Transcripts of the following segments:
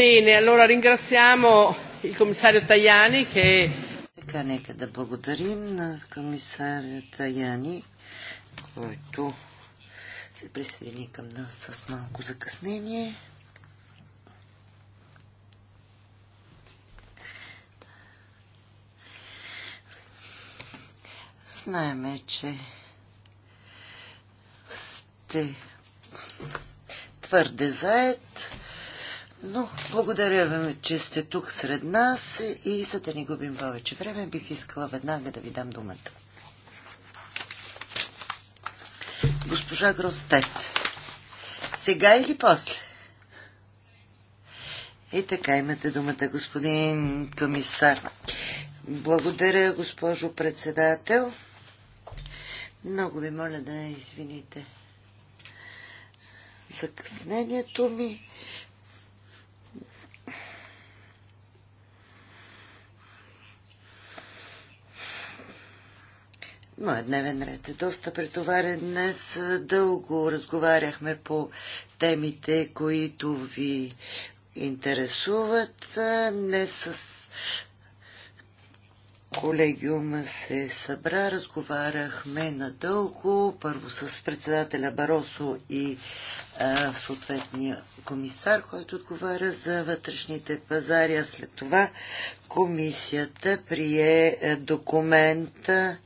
Bene, allora ringraziamo il commissario Tajani che... Така, нека да благодарим на комисаря Таяни, който се присъедини към нас с малко закъснение. Знаеме, че сте твърде заед но благодаря ви, че сте тук сред нас и за да не губим повече време, бих искала веднага да ви дам думата. Госпожа Гростет. Сега или после? И така имате думата, господин комисар. Благодаря, госпожо председател. Много ви моля да извините закъснението ми. Моят дневен ред е доста претоварен днес. Дълго разговаряхме по темите, които ви интересуват. Днес с колегиума се събра, разговаряхме надълго, първо с председателя Баросо и а, съответния комисар, който отговаря за вътрешните пазари, а след това комисията прие документа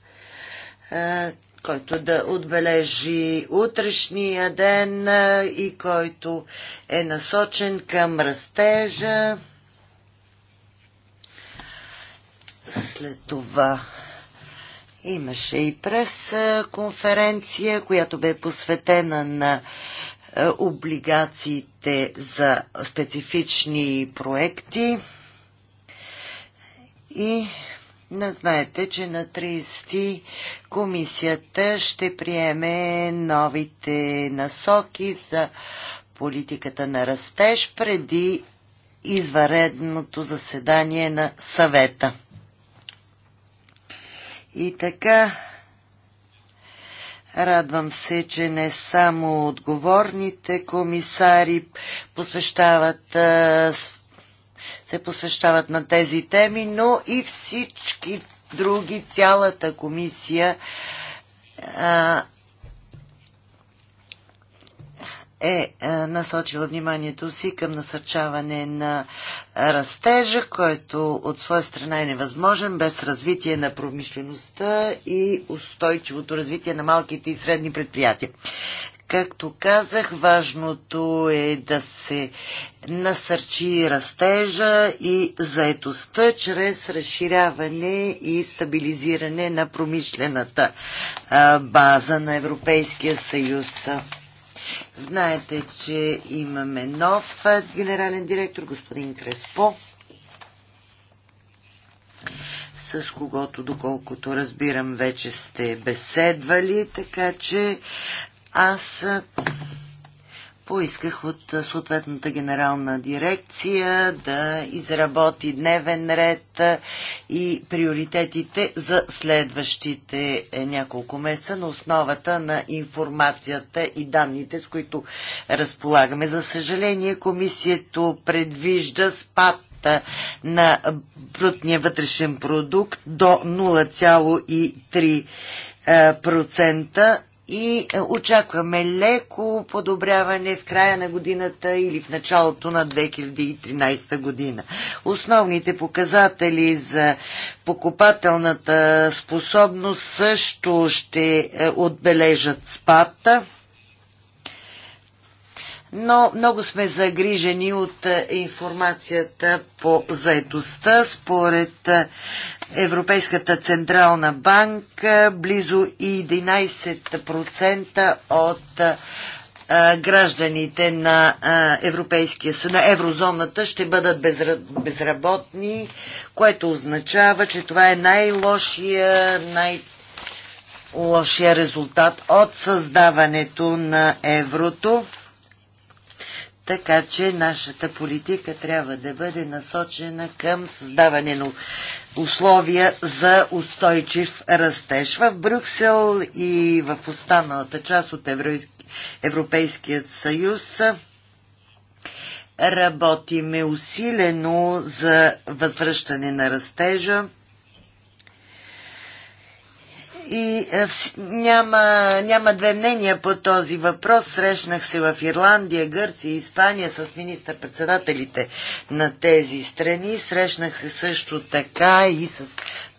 е, който да отбележи утрешния ден е, и който е насочен към растежа. След това имаше и през е, конференция, която бе посветена на облигациите за специфични проекти и не знаете, че на 30 комисията ще приеме новите насоки за политиката на растеж преди изваредното заседание на съвета. И така, Радвам се, че не само отговорните комисари посвещават а, се посвещават на тези теми, но и всички други, цялата комисия а, е насочила вниманието си към насърчаване на растежа, който от своя страна е невъзможен без развитие на промишлеността и устойчивото развитие на малките и средни предприятия. Както казах, важното е да се насърчи растежа и заетостта чрез разширяване и стабилизиране на промишлената база на Европейския съюз. Знаете, че имаме нов генерален директор, господин Креспо, с когото, доколкото разбирам, вече сте беседвали, така че аз поисках от съответната генерална дирекция да изработи дневен ред и приоритетите за следващите е, няколко месеца на основата на информацията и данните, с които разполагаме. За съжаление, комисието предвижда спад на брутния вътрешен продукт до 0,3% и е, очакваме леко подобряване в края на годината или в началото на 2013 година. Основните показатели за покупателната способност също ще е, отбележат спадта. но много сме загрижени от е, информацията по заедостта. Според Европейската централна банка, близо 11% от гражданите на Европейския съюз, на еврозоната ще бъдат безработни, което означава, че това е най-лошия, най- лошия резултат от създаването на еврото. Така че нашата политика трябва да бъде насочена към създаване на условия за устойчив растеж. В Брюксел и в останалата част от Европейският съюз работиме усилено за възвръщане на растежа и е, няма, няма две мнения по този въпрос. Срещнах се в Ирландия, Гърция и Испания с министър-председателите на тези страни. Срещнах се също така и с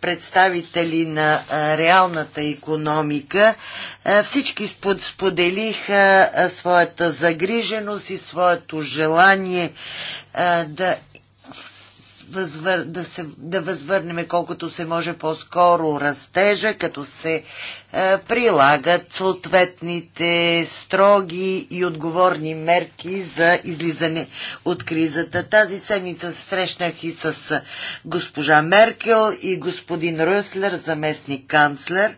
представители на е, реалната економика. Е, всички споделиха своята загриженост и своето желание да възвър... да, се... да възвърнем колкото се може по-скоро растежа, като се е, прилагат съответните строги и отговорни мерки за излизане от кризата. Тази седмица се срещнах и с госпожа Меркел и господин Рюслер, заместник канцлер.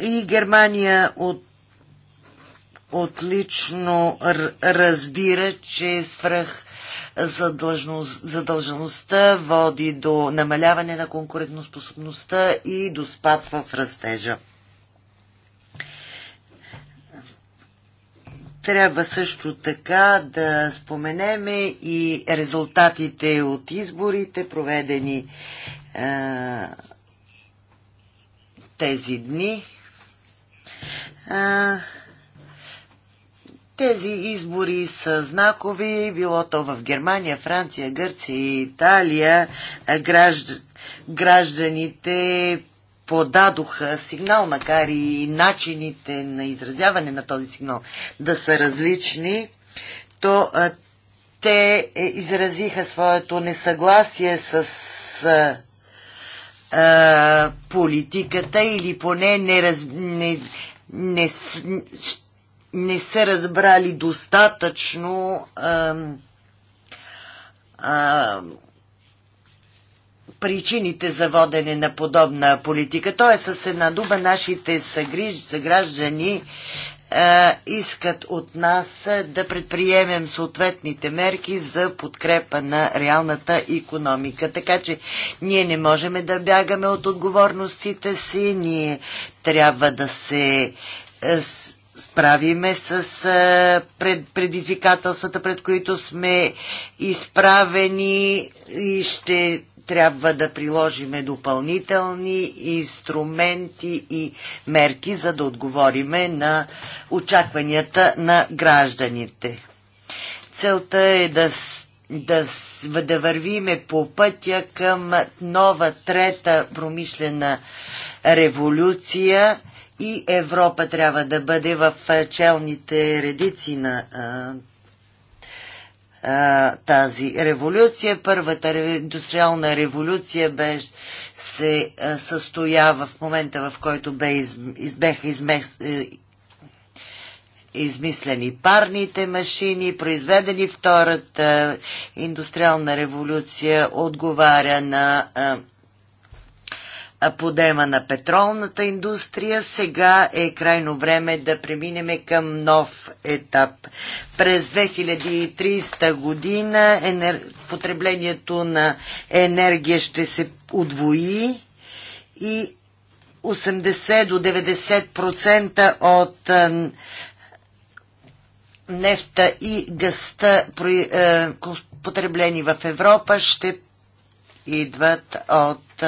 И Германия от отлично разбира, че свръх задължеността води до намаляване на конкурентоспособността и до спад в растежа. Трябва също така да споменеме и резултатите от изборите, проведени е, тези дни. А, е, тези избори са знакови, било то в Германия, Франция, Гърция и Италия. Е, гражд... Гражданите подадоха сигнал, макар и начините на изразяване на този сигнал да са различни, то а, е, те е, изразиха своето несъгласие с а, а, политиката или поне не, раз, не, не, не са разбрали достатъчно а, а, причините за водене на подобна политика. Тоест, с една дума нашите съграждани а, искат от нас да предприемем съответните мерки за подкрепа на реалната економика. Така че ние не можем да бягаме от отговорностите си, ние трябва да се а, справиме с пред, предизвикателствата, пред които сме изправени и ще трябва да приложиме допълнителни инструменти и мерки, за да отговориме на очакванията на гражданите. Целта е да, да, да вървиме по пътя към нова трета промишлена революция – и Европа трябва да бъде в челните редици на а, а, тази революция. Първата индустриална революция бе, се а, състоява в момента, в който бе из, из, беха измес, е, измислени парните машини, произведени втората индустриална революция, отговаря на а, подема на петролната индустрия. Сега е крайно време да преминеме към нов етап. През 2300 година енер... потреблението на енергия ще се удвои и 80 до 90% от нефта и гъста, потреблени в Европа, ще идват от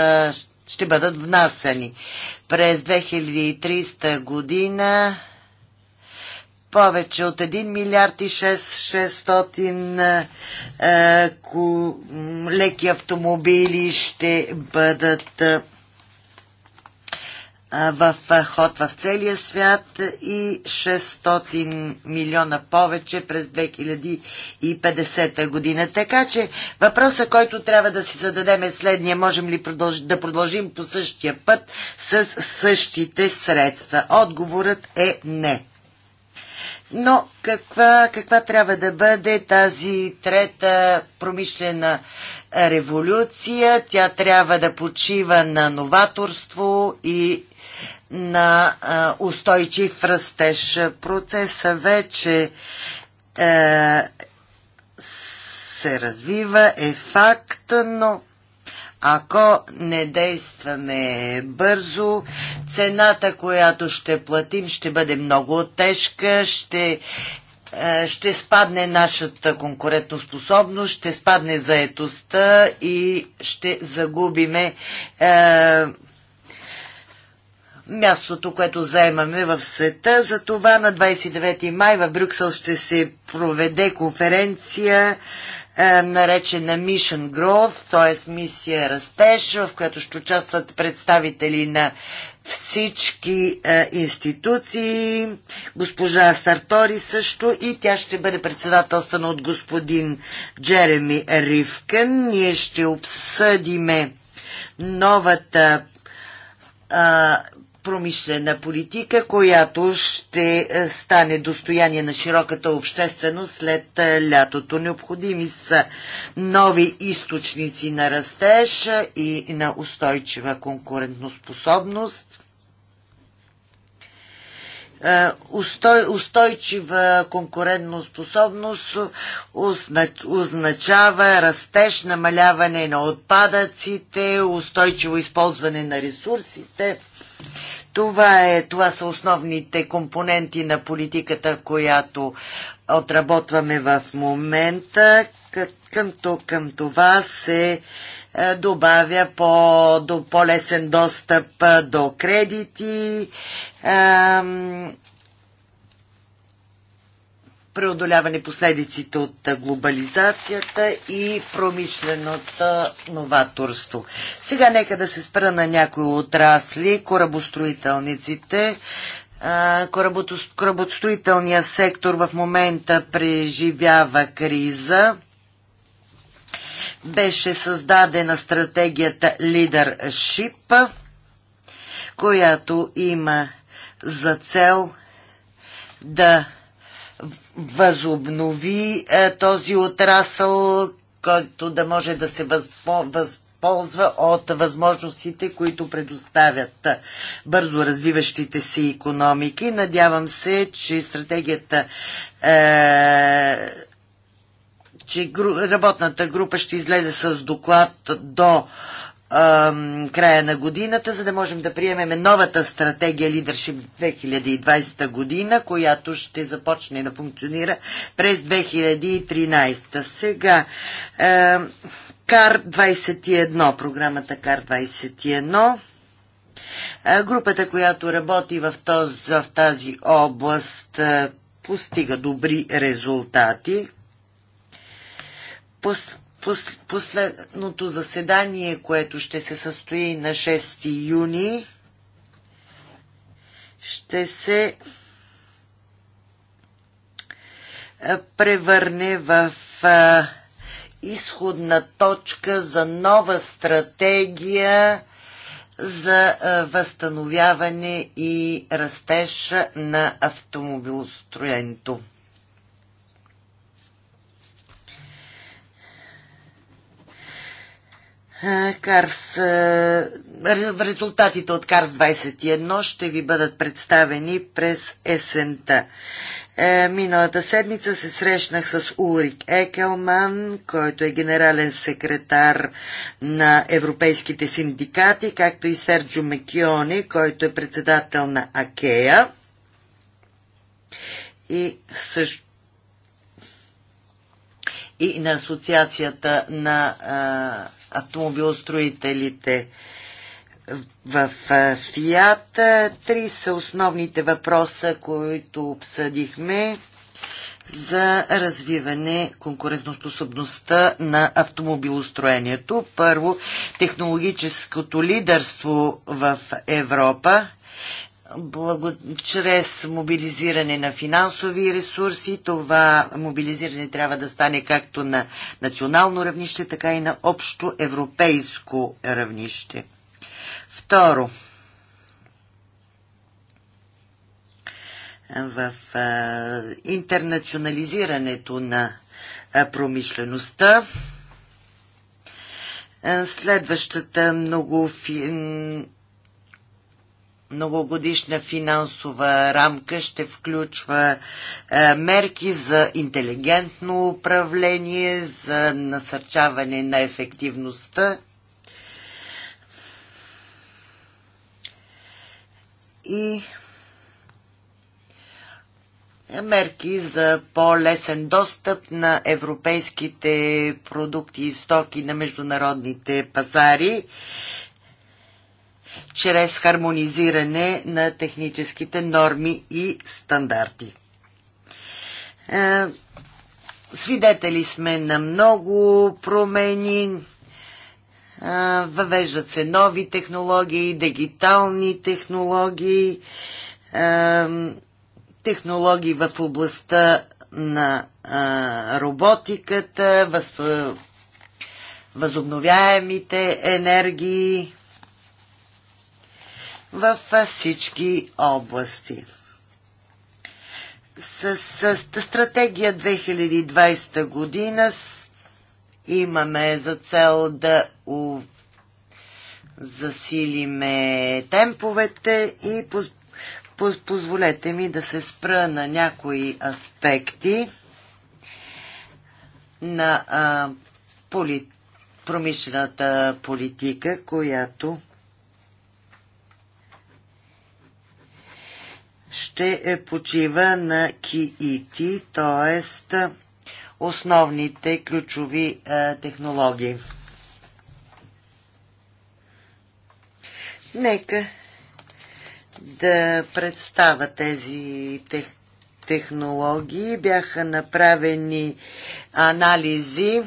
ще бъдат внасани През 2300 година повече от 1 милиард и 600 леки автомобили ще бъдат в ход в целия свят и 600 милиона повече през 2050 година. Така че въпросът, който трябва да си зададем е следния. Можем ли продълж... да продължим по същия път с същите средства? Отговорът е не. Но каква, каква трябва да бъде тази трета промишлена революция? Тя трябва да почива на новаторство и на устойчив растеж. Процеса вече е, се развива, е факт, но ако не действаме бързо, цената, която ще платим, ще бъде много тежка, ще, е, ще спадне нашата конкурентоспособност, ще спадне заетостта и ще загубиме е, мястото, което заемаме в света. За това на 29 май в Брюксел ще се проведе конференция е, наречена Mission Growth, т.е. мисия Растеж, в която ще участват представители на всички е, институции, госпожа Сартори също и тя ще бъде председателствана от господин Джереми Ривкен. Ние ще обсъдиме новата е, промишлена политика, която ще е, стане достояние на широката общественост след е, лятото. Необходими са нови източници на растеж е, и на устойчива конкурентоспособност. Устой, устойчива конкурентоспособност означава растеж, намаляване на отпадъците, устойчиво използване на ресурсите – това, е, това са основните компоненти на политиката, която отработваме в момента. Към, към това се е, добавя по, до, по-лесен достъп е, до кредити, преодоляване последиците от глобализацията и промишленото новаторство. Сега нека да се спра на някои отрасли, корабостроителниците. Корабостроителният сектор в момента преживява криза. Беше създадена стратегията Leadership, която има за цел да възобнови е, този отрасъл, който да може да се възползва от възможностите, които предоставят бързо развиващите си економики. Надявам се, че стратегията е, че работната група ще излезе с доклад до края на годината, за да можем да приемеме новата стратегия Leadership 2020 година, която ще започне да функционира през 2013. Сега, КАР 21, програмата КАР 21, групата, която работи в, този, в тази област, постига добри резултати последното заседание, което ще се състои на 6 юни, ще се превърне в изходна точка за нова стратегия за възстановяване и растеж на автомобилостроенето. Карс, резултатите от Карс 21 ще ви бъдат представени през есента. Е, миналата седмица се срещнах с Улрик Екелман, който е генерален секретар на европейските синдикати, както и Серджо Мекиони, който е председател на АКЕА. И също и на Асоциацията на а, автомобилостроителите в Фиат. Три са основните въпроса, които обсъдихме за развиване конкурентоспособността на автомобилостроението. Първо, технологическото лидерство в Европа благо... чрез мобилизиране на финансови ресурси. Това мобилизиране трябва да стане както на национално равнище, така и на общо европейско равнище. Второ, в а, интернационализирането на а, промишлеността. Следващата много многогодишна финансова рамка ще включва е, мерки за интелигентно управление, за насърчаване на ефективността и мерки за по-лесен достъп на европейските продукти и стоки на международните пазари чрез хармонизиране на техническите норми и стандарти. Е, свидетели сме на много промени, е, въвеждат се нови технологии, дигитални технологии, е, технологии в областта на роботиката, възобновяемите енергии, във всички области. С, с, с стратегия 2020 година с, имаме за цел да у, засилиме темповете и поз, поз, позволете ми да се спра на някои аспекти на а, поли, промишлената политика, която ще е почива на КИИТ, e т.е. основните ключови е, технологии. Нека да представя тези тех, технологии. Бяха направени анализи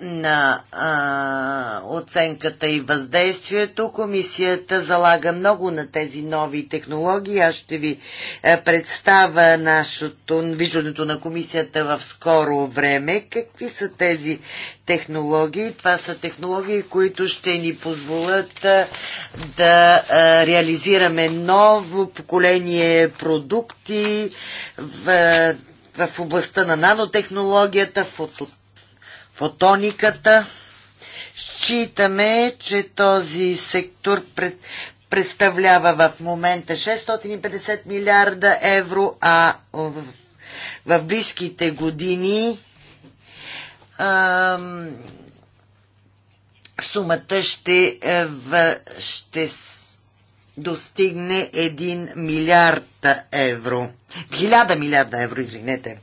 на а, оценката и въздействието. Комисията залага много на тези нови технологии. Аз ще ви е, представя нашото виждането на комисията в скоро време. Какви са тези технологии? Това са технологии, които ще ни позволят е, да а, е, реализираме ново поколение продукти в в областта на нанотехнологията, фото, фотониката. Считаме, че този сектор пред, представлява в момента 650 милиарда евро, а в, в близките години ам, сумата ще, е, в, ще достигне 1 милиард евро. 1000 милиарда евро, извинете.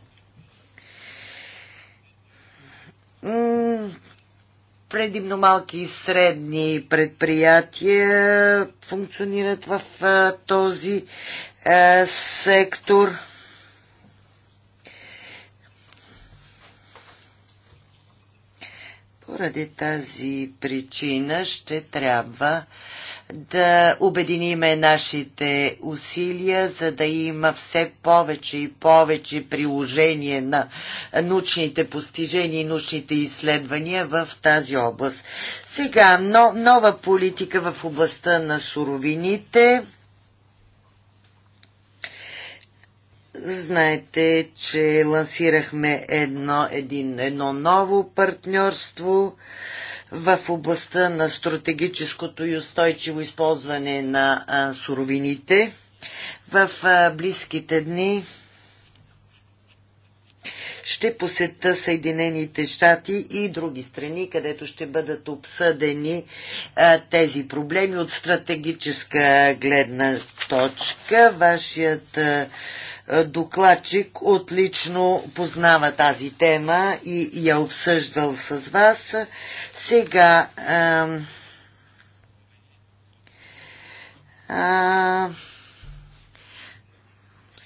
предимно малки и средни предприятия функционират в този сектор. Поради тази причина ще трябва да обединиме нашите усилия, за да има все повече и повече приложение на научните постижения и научните изследвания в тази област. Сега, но, нова политика в областта на суровините. Знаете, че лансирахме едно, един, едно ново партньорство в областта на стратегическото и устойчиво използване на суровините. В близките дни ще посета Съединените щати и други страни, където ще бъдат обсъдени а, тези проблеми от стратегическа гледна точка. Вашият а, е, докладчик отлично познава тази тема и я обсъждал с вас. Сега а, а,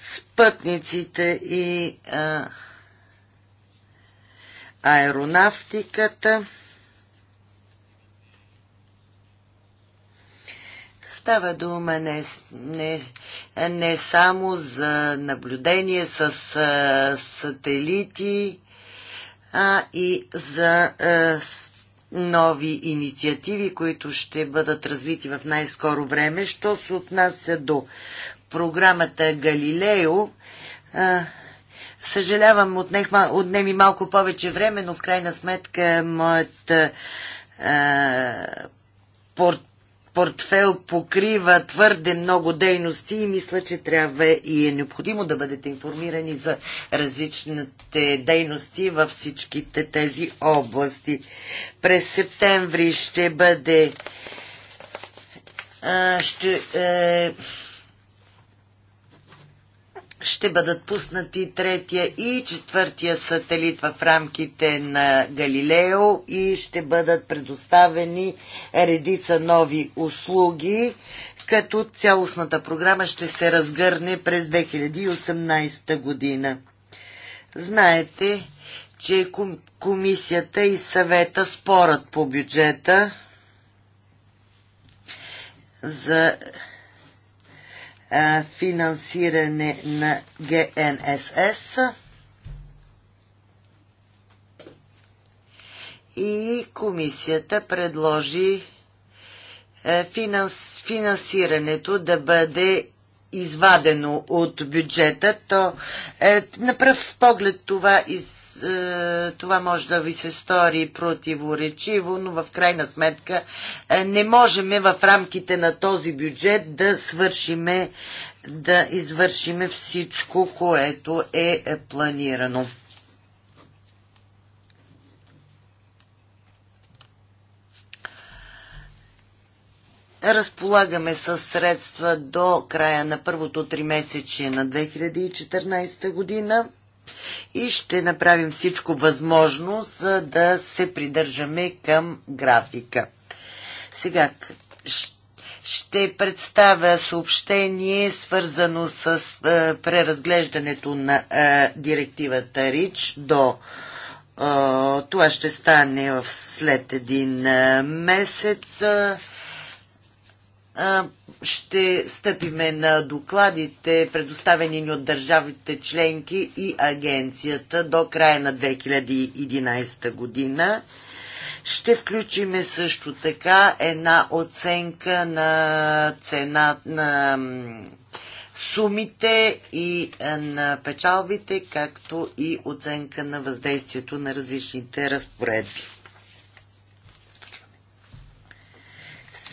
спътниците и а, аеронавтиката – Става дума не, не, не само за наблюдение с а, сателити, а и за а, нови инициативи, които ще бъдат развити в най-скоро време. Що се отнася до програмата Галилео, а, съжалявам, отнех, отнеми малко повече време, но в крайна сметка моят а, порт портфел покрива твърде много дейности и мисля, че трябва и е необходимо да бъдете информирани за различните дейности във всичките тези области. През септември ще бъде а, ще, е, ще бъдат пуснати третия и четвъртия сателит в рамките на Галилео и ще бъдат предоставени редица нови услуги, като цялостната програма ще се разгърне през 2018 година. Знаете, че комисията и съвета спорят по бюджета за финансиране на ГНСС и комисията предложи финансирането да бъде извадено от бюджета, то е, на пръв поглед това, из, е, това може да ви се стори противоречиво, но в крайна сметка е, не можем в рамките на този бюджет да свършиме да извършиме всичко, което е, е планирано. разполагаме с средства до края на първото три месече на 2014 година и ще направим всичко възможно, за да се придържаме към графика. Сега ще представя съобщение, свързано с е, преразглеждането на е, директивата РИЧ до е, това ще стане след един месец ще стъпиме на докладите, предоставени ни от държавите членки и агенцията до края на 2011 година. Ще включиме също така една оценка на цена на сумите и е, на печалбите, както и оценка на въздействието на различните разпоредби.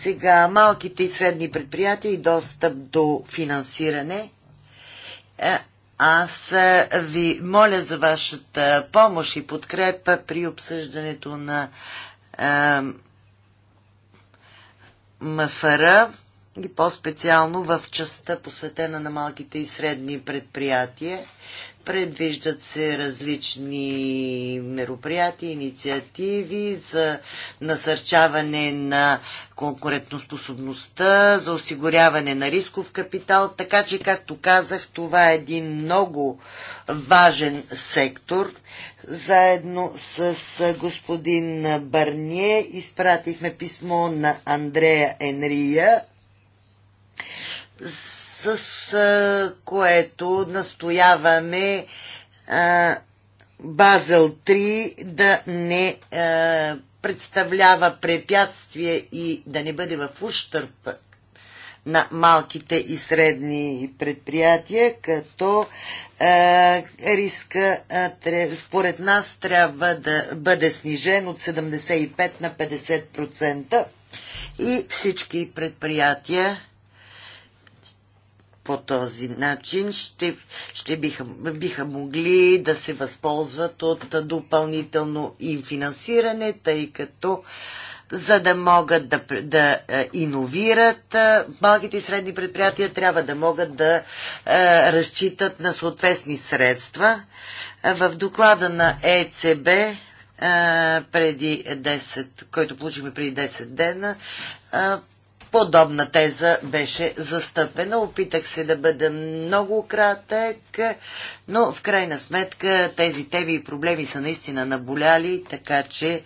Сега малките и средни предприятия и достъп до финансиране. Е, аз е, ви моля за вашата помощ и подкрепа при обсъждането на е, МФР и по-специално в частта посветена на малките и средни предприятия. Предвиждат се различни мероприятия, инициативи за насърчаване на конкурентоспособността, за осигуряване на рисков капитал. Така че, както казах, това е един много важен сектор. Заедно с господин Барние изпратихме писмо на Андрея Енрия с което настояваме Базел 3 да не представлява препятствие и да не бъде в ущърп на малките и средни предприятия, като е, риска е, според нас трябва да бъде снижен от 75 на 50% и всички предприятия по този начин ще, ще биха, биха могли да се възползват от допълнително им финансиране, тъй като за да могат да, да е, иновират е, малките и средни предприятия, трябва да могат да е, разчитат на съответни средства. В доклада на ЕЦБ е, преди 10, който получихме преди 10 дена, е, Подобна теза беше застъпена. Опитах се да бъда много кратък, но в крайна сметка тези теми и проблеми са наистина наболяли, така че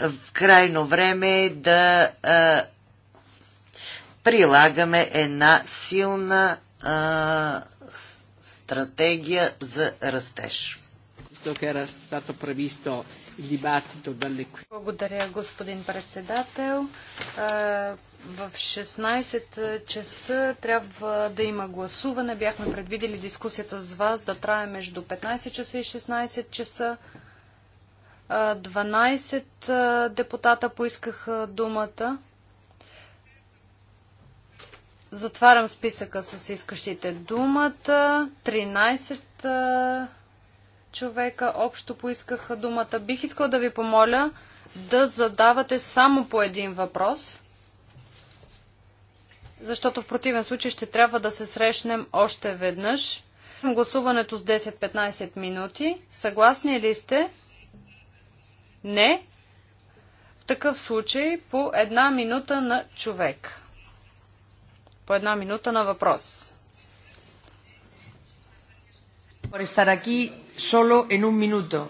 в крайно време е да а, прилагаме една силна а, стратегия за растеж. Това е разтата stato благодаря, господин председател. В 16 часа трябва да има гласуване. Бяхме предвидели дискусията с вас да трае между 15 часа и 16 часа. 12 депутата поискаха думата. Затварям списъка с искащите думата. 13 човека общо поискаха думата. Бих искал да ви помоля да задавате само по един въпрос, защото в противен случай ще трябва да се срещнем още веднъж. Гласуването с 10-15 минути. Съгласни ли сте? Не. В такъв случай по една минута на човек. По една минута на въпрос. Por estar aquí solo en un minuto.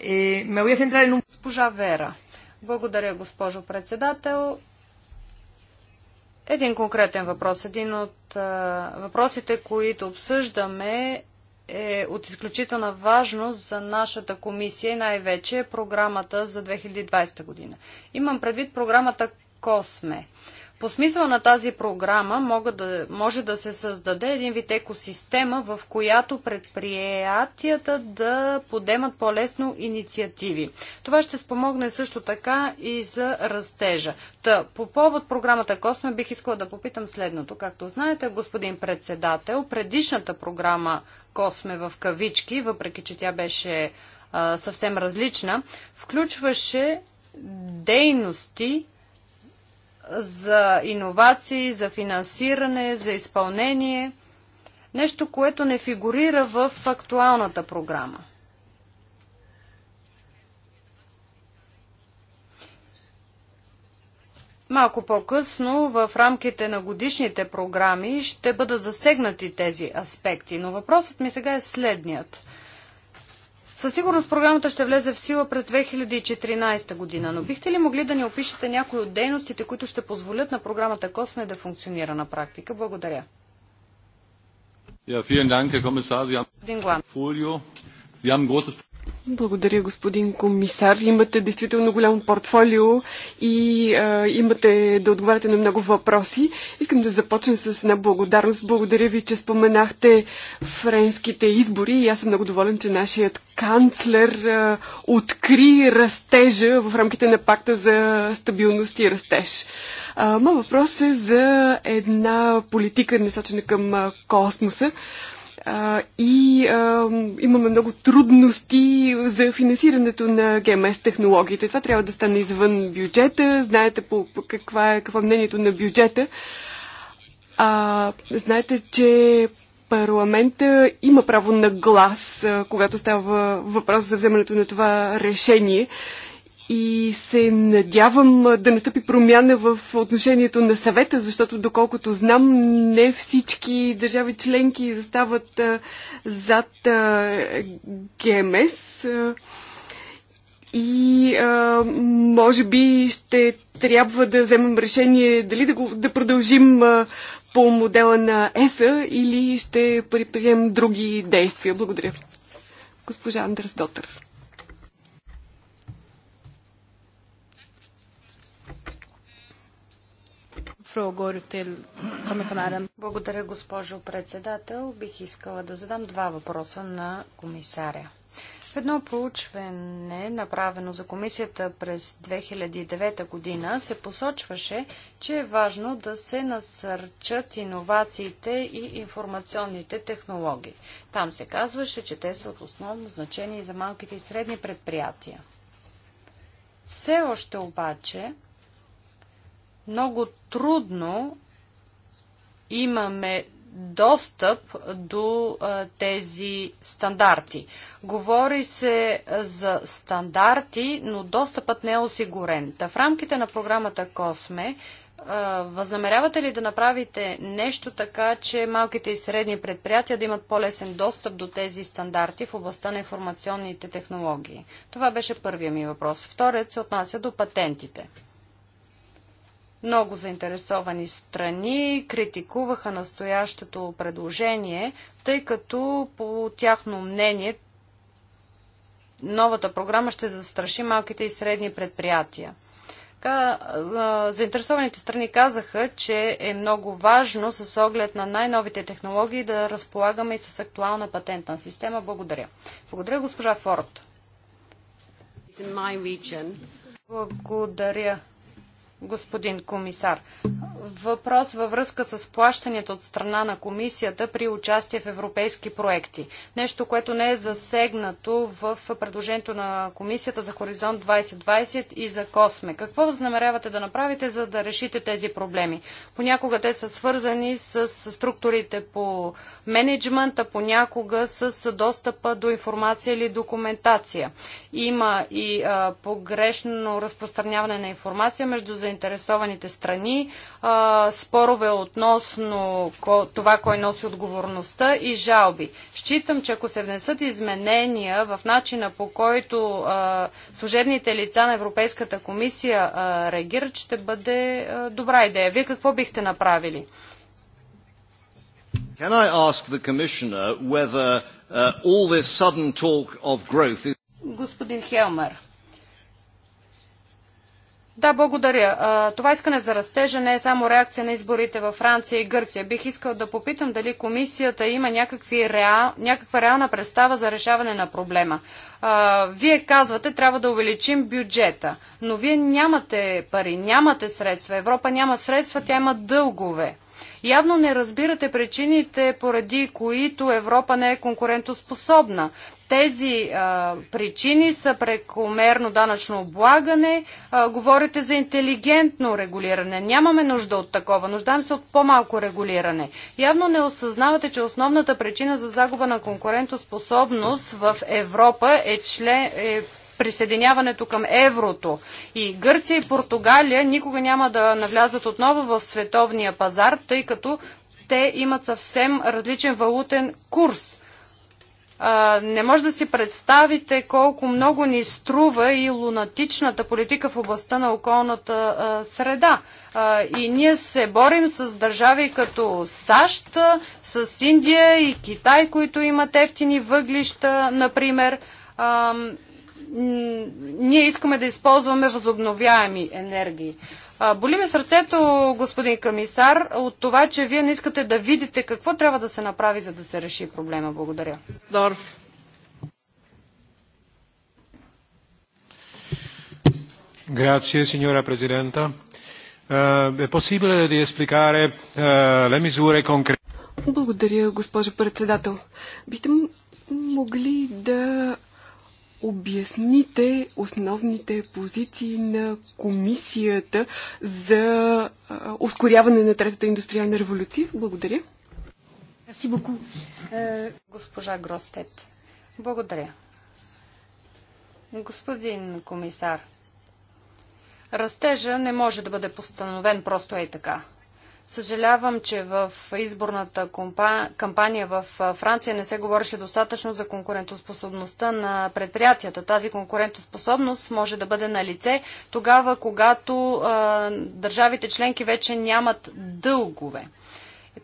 Eh, me voy a centrar en un... Госпожа Вера. Благодаря, госпожо председател. Един конкретен въпрос. Един от въпросите, които обсъждаме е от изключителна важност за нашата комисия и най-вече програмата за 2020 година. Имам предвид програмата КОСМЕ. По смисъл на тази програма да, може да се създаде един вид екосистема, в която предприятията да подемат по-лесно инициативи. Това ще спомогне също така и за растежа. Та, по повод програмата Косме бих искала да попитам следното. Както знаете, господин председател, предишната програма Косме в кавички, въпреки че тя беше а, съвсем различна, включваше дейности, за иновации, за финансиране, за изпълнение. Нещо, което не фигурира в актуалната програма. Малко по-късно, в рамките на годишните програми, ще бъдат засегнати тези аспекти, но въпросът ми сега е следният. Със сигурност програмата ще влезе в сила през 2014 година, но бихте ли могли да ни опишете някои от дейностите, които ще позволят на програмата Косме да функционира на практика? Благодаря. Ja, vielen Dank, Herr Kommissar. Sie haben Folio. Sie haben großes благодаря, господин комисар. Имате действително голямо портфолио и а, имате да отговаряте на много въпроси. Искам да започна с една благодарност. Благодаря ви, че споменахте френските избори и аз съм много доволен, че нашият канцлер а, откри растежа в рамките на пакта за стабилност и растеж. Моят въпрос е за една политика, насочена към космоса. А, и а, имаме много трудности за финансирането на ГМС технологиите. Това трябва да стане извън бюджета. Знаете по, по каква е, какво е мнението на бюджета. А, знаете, че парламента има право на глас, когато става въпрос за вземането на това решение и се надявам да настъпи промяна в отношението на съвета, защото доколкото знам, не всички държави членки застават зад ГМС и а, може би ще трябва да вземем решение дали да, го, да продължим а, по модела на ЕСА или ще предприемем други действия. Благодаря. Госпожа Андерс Дотър. Благодаря, госпожо председател. Бих искала да задам два въпроса на комисаря. В едно проучване, направено за комисията през 2009 година, се посочваше, че е важно да се насърчат иновациите и информационните технологии. Там се казваше, че те са от основно значение за малките и средни предприятия. Все още обаче много трудно имаме достъп до а, тези стандарти. Говори се за стандарти, но достъпът не е осигурен. Та в рамките на програмата Косме възнамерявате ли да направите нещо така, че малките и средни предприятия да имат по-лесен достъп до тези стандарти в областта на информационните технологии? Това беше първия ми въпрос. Вторият се отнася до патентите. Много заинтересовани страни критикуваха настоящото предложение, тъй като по тяхно мнение новата програма ще застраши малките и средни предприятия. Заинтересованите страни казаха, че е много важно с оглед на най-новите технологии да разполагаме и с актуална патентна система. Благодаря. Благодаря, госпожа Форд. Благодаря, господин комисар. Въпрос във връзка с плащанията от страна на комисията при участие в европейски проекти. Нещо, което не е засегнато в предложението на комисията за Хоризонт 2020 и за Косме. Какво възнамерявате да направите, за да решите тези проблеми? Понякога те са свързани с структурите по менеджмента, понякога с достъпа до информация или документация. Има и а, погрешно разпространяване на информация между заинтересованите заинтересованите страни, спорове относно това, кой носи отговорността и жалби. Считам, че ако се внесат изменения в начина по който служебните лица на Европейската комисия реагират, ще бъде добра идея. Вие какво бихте направили? Can I ask the Commissioner whether uh, all this sudden talk of growth is... Господин Хелмер, да, благодаря. Това искане за растежа не е само реакция на изборите във Франция и Гърция. Бих искал да попитам дали комисията има някакви реал... някаква реална представа за решаване на проблема. Вие казвате, трябва да увеличим бюджета, но вие нямате пари, нямате средства. Европа няма средства, тя има дългове. Явно не разбирате причините, поради които Европа не е конкурентоспособна тези а, причини са прекомерно данъчно облагане. А, говорите за интелигентно регулиране. Нямаме нужда от такова. Нуждаем се от по-малко регулиране. Явно не осъзнавате, че основната причина за загуба на конкурентоспособност в Европа е, член, е присъединяването към еврото. И Гърция и Португалия никога няма да навлязат отново в световния пазар, тъй като те имат съвсем различен валутен курс не може да си представите колко много ни струва и лунатичната политика в областта на околната среда. и ние се борим с държави като САЩ, с Индия и Китай, които имат ефтини въглища, например. ние искаме да използваме възобновяеми енергии. Боли ме сърцето, господин комисар, от това, че вие не искате да видите какво трябва да се направи, за да се реши проблема. Благодаря. Здорф. Grazie signora Presidenta. È possibile di esplicare le misure concrete? Благодаря, госпожо председател. Бихте могли да обясните основните позиции на комисията за ускоряване на Третата индустриална революция? Благодаря. Euh, Госпожа Гростет, благодаря. Господин комисар, растежа не може да бъде постановен просто е така. Съжалявам, че в изборната кампания в Франция не се говореше достатъчно за конкурентоспособността на предприятията. Тази конкурентоспособност може да бъде на лице тогава, когато държавите членки вече нямат дългове.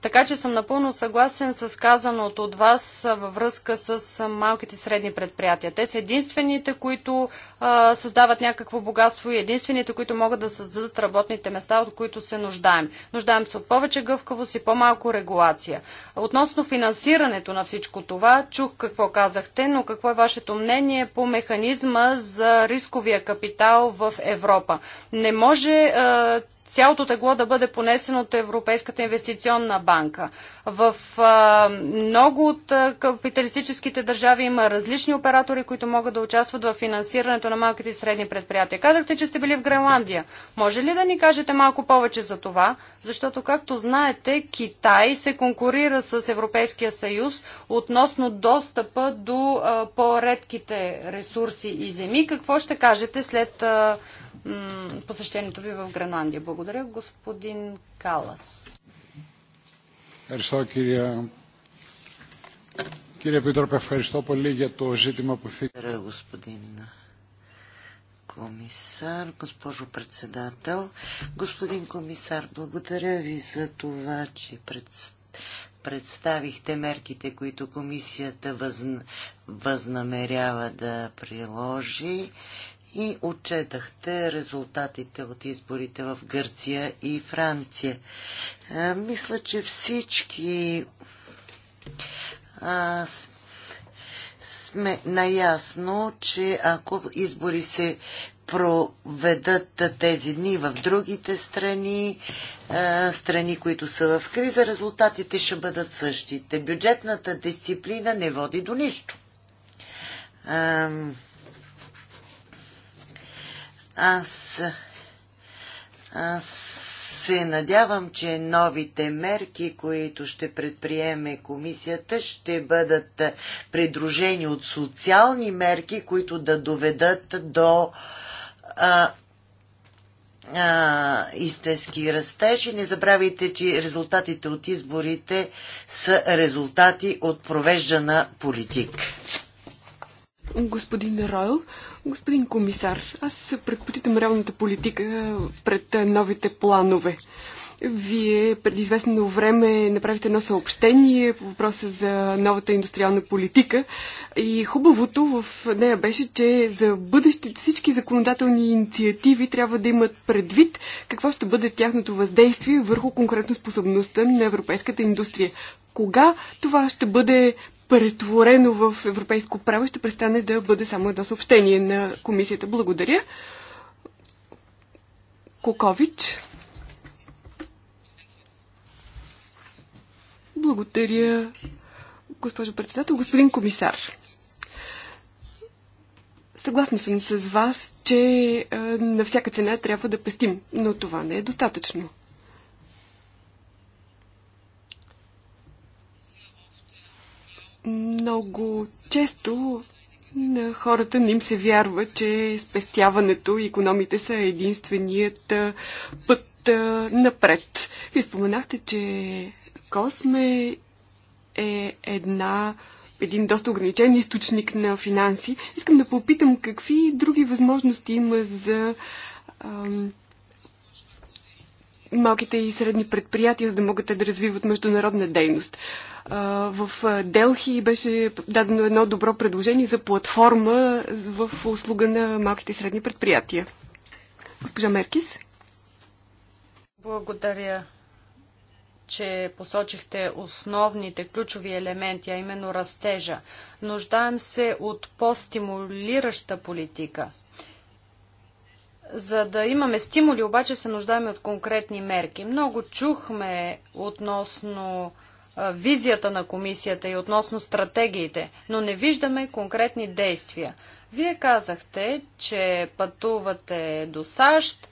Така че съм напълно съгласен с казаното от вас във връзка с малките и средни предприятия. Те са единствените, които а, създават някакво богатство и единствените, които могат да създадат работните места, от които се нуждаем. Нуждаем се от повече гъвкавост и по-малко регулация. Относно финансирането на всичко това, чух какво казахте, но какво е вашето мнение по механизма за рисковия капитал в Европа? Не може а, цялото тегло да бъде понесено от Европейската инвестиционна банка. В а, много от а, капиталистическите държави има различни оператори, които могат да участват в финансирането на малките и средни предприятия. Казахте, че сте били в Гренландия. Може ли да ни кажете малко повече за това? Защото, както знаете, Китай се конкурира с Европейския съюз относно достъпа до по-редките ресурси и земи. Какво ще кажете след а, посещението ви в Гренландия. Благодаря, господин Калас. Кирия κύριε ευχαριστώ πολύ για το ζήτημα που Господин комисар, госпожо председател, господин комисар, благодаря ви за това, че представихте мерките, които комисията възн... възнамерява да приложи и отчетахте резултатите от изборите в Гърция и Франция. А, е, мисля, че всички а, сме наясно, че ако избори се проведат тези дни в другите страни, е, страни, които са в криза, резултатите ще бъдат същите. Бюджетната дисциплина не води до нищо. Аз, аз се надявам, че новите мерки, които ще предприеме комисията, ще бъдат придружени от социални мерки, които да доведат до а, а, истински растеж. И не забравяйте, че резултатите от изборите са резултати от провеждана политика господин Ройл. Господин комисар, аз предпочитам реалната политика пред новите планове. Вие преди известно време направите едно съобщение по въпроса за новата индустриална политика и хубавото в нея беше, че за бъдещето всички законодателни инициативи трябва да имат предвид какво ще бъде тяхното въздействие върху конкретно способността на европейската индустрия. Кога това ще бъде претворено в европейско право, ще престане да бъде само едно съобщение на комисията. Благодаря. Кокович. Благодаря, госпожо председател, господин комисар. Съгласна съм с вас, че на всяка цена трябва да пестим, но това не е достатъчно. Много често на хората не им се вярва, че спестяването и економите са единственият път напред. Вие споменахте, че Косме е една, един доста ограничен източник на финанси. Искам да попитам какви други възможности има за ам, малките и средни предприятия, за да могат да развиват международна дейност. В Делхи беше дадено едно добро предложение за платформа в услуга на малките и средни предприятия. Госпожа Меркис. Благодаря, че посочихте основните ключови елементи, а именно растежа. Нуждаем се от по-стимулираща политика – за да имаме стимули, обаче се нуждаем от конкретни мерки. Много чухме относно визията на комисията и относно стратегиите, но не виждаме конкретни действия. Вие казахте, че пътувате до САЩ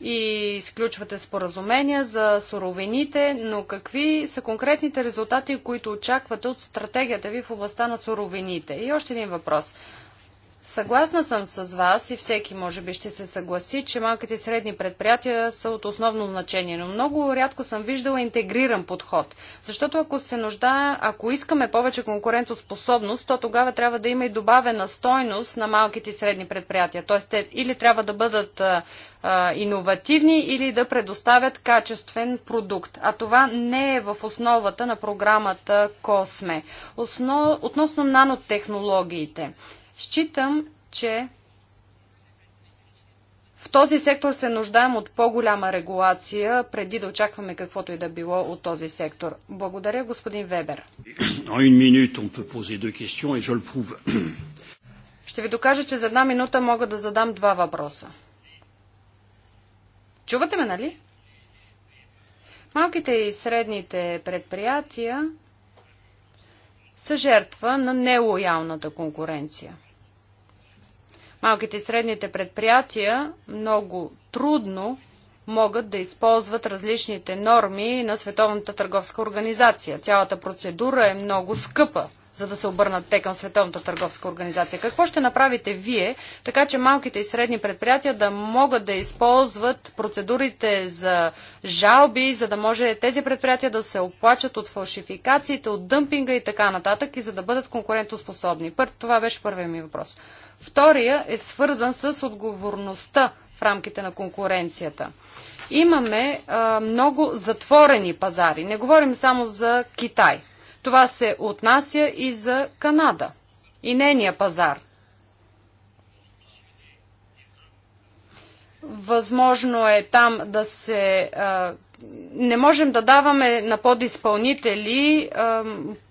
и изключвате споразумения за суровините, но какви са конкретните резултати, които очаквате от стратегията ви в областта на суровините? И още един въпрос. Съгласна съм с вас и всеки може би ще се съгласи, че малките и средни предприятия са от основно значение, но много рядко съм виждала интегриран подход. Защото ако се нуждае, ако искаме повече конкурентоспособност, то тогава трябва да има и добавена стойност на малките и средни предприятия. Тоест те или трябва да бъдат а, а, иновативни, или да предоставят качествен продукт. А това не е в основата на програмата Косме. Относно нанотехнологиите. Считам, че в този сектор се нуждаем от по-голяма регулация, преди да очакваме каквото и да било от този сектор. Благодаря, господин Вебер. Ще ви докажа, че за една минута мога да задам два въпроса. Чувате ме, нали? Малките и средните предприятия са жертва на нелоялната конкуренция. Малките и средните предприятия много трудно могат да използват различните норми на Световната търговска организация. Цялата процедура е много скъпа за да се обърнат те към Световната търговска организация. Какво ще направите вие, така че малките и средни предприятия да могат да използват процедурите за жалби, за да може тези предприятия да се оплачат от фалшификациите, от дъмпинга и така нататък, и за да бъдат конкурентоспособни? Това беше първият ми въпрос. Втория е свързан с отговорността в рамките на конкуренцията. Имаме а, много затворени пазари. Не говорим само за Китай. Това се отнася и за Канада и нейния пазар. Възможно е там да се. не можем да даваме на подизпълнители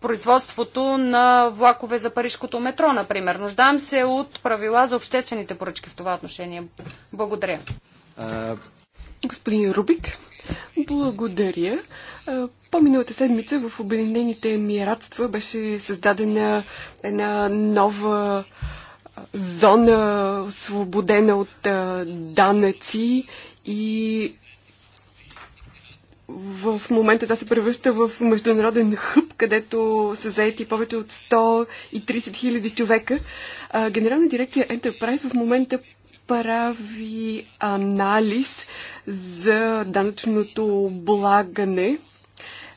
производството на влакове за парижкото метро, например. Нуждам се от правила за обществените поръчки в това отношение. Благодаря. Господин Рубик. Благодаря. По-миналата седмица в Обединените емиратства беше създадена една нова зона, освободена от данъци и в момента да се превръща в международен хъб, където са заети повече от 130 хиляди човека. Генерална дирекция Enterprise в момента прави анализ за данъчното облагане.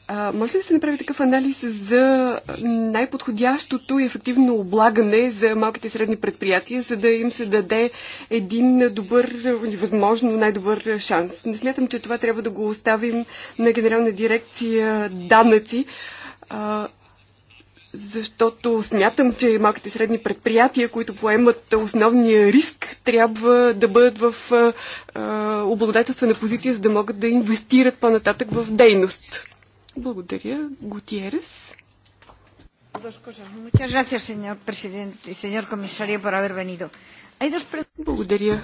А, може ли да се направи такъв анализ за най-подходящото и ефективно облагане за малките и средни предприятия, за да им се даде един добър, възможно най-добър шанс? Не смятам, че това трябва да го оставим на Генерална дирекция данъци. А, защото смятам, че малките средни предприятия, които поемат основния риск, трябва да бъдат в облагодателствена позиция, за да могат да инвестират по-нататък в дейност. Благодаря. Готиерес. Благодаря,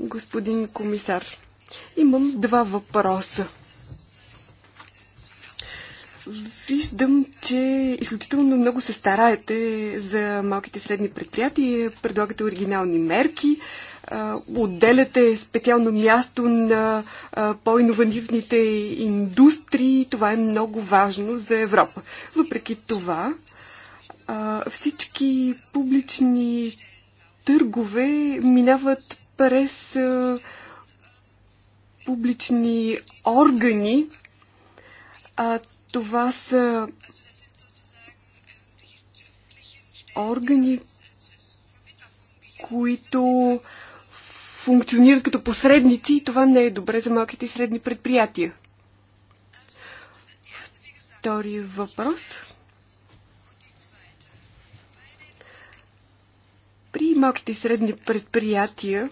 господин комисар. Имам два въпроса. Виждам, че изключително много се стараете за малките и средни предприятия, предлагате оригинални мерки, отделяте специално място на по-инновативните индустрии. Това е много важно за Европа. Въпреки това, всички публични търгове минават през публични органи, това са органи, които функционират като посредници и това не е добре за малките и средни предприятия. Втори въпрос. При малките и средни предприятия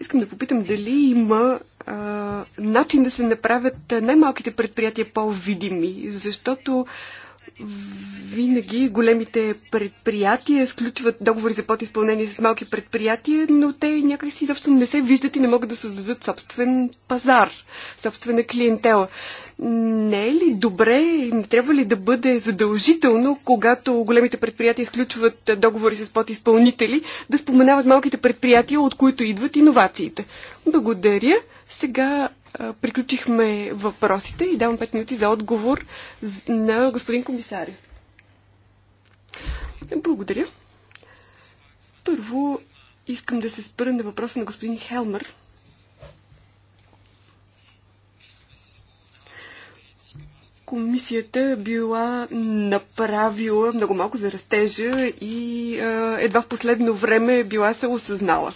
Искам да попитам дали има а, начин да се направят най-малките предприятия по-видими, защото винаги големите предприятия сключват договори за подизпълнение с малки предприятия, но те някакси изобщо не се виждат и не могат да създадат собствен пазар, собствена клиентела. Не е ли добре, не трябва ли да бъде задължително, когато големите предприятия изключват договори с подизпълнители, да споменават малките предприятия, от които идват иновациите? Благодаря. Сега приключихме въпросите и давам 5 минути за отговор на господин комисар. Благодаря. Първо искам да се спра на въпроса на господин Хелмър. Комисията била направила много малко за растежа и е, едва в последно време била се осъзнала.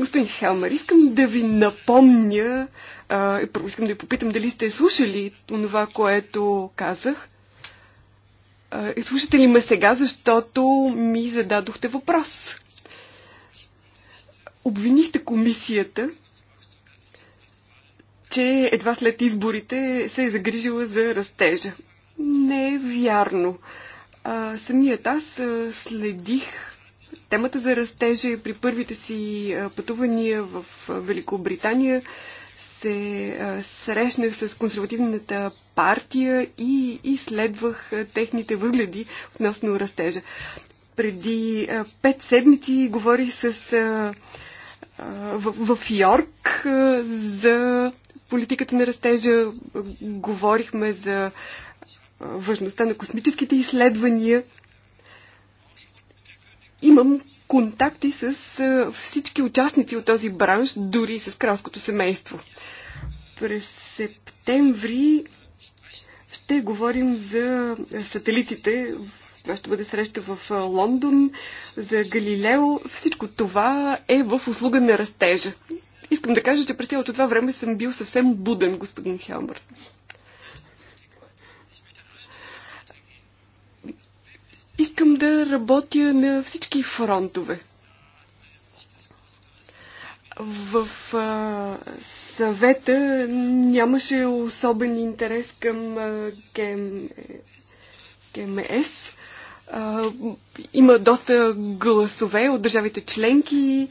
Господин Хелмър, искам да ви напомня и първо искам да ви попитам дали сте слушали това, което казах. и слушате ли ме сега, защото ми зададохте въпрос. Обвинихте комисията, че едва след изборите се е загрижила за растежа. Не е вярно. А, самият аз следих темата за растежа при първите си пътувания в Великобритания се срещнах с консервативната партия и изследвах техните възгледи относно растежа. Преди пет седмици говорих с, в, в Йорк за политиката на растежа. Говорихме за важността на космическите изследвания. Имам контакти с всички участници от този бранш, дори с кралското семейство. През септември ще говорим за сателитите. Това ще бъде среща в Лондон, за Галилео. Всичко това е в услуга на растежа. Искам да кажа, че през цялото това време съм бил съвсем буден, господин Хелмър. Искам да работя на всички фронтове. В а, съвета нямаше особен интерес към а, КМ, КМС. А, има доста гласове от държавите членки. А,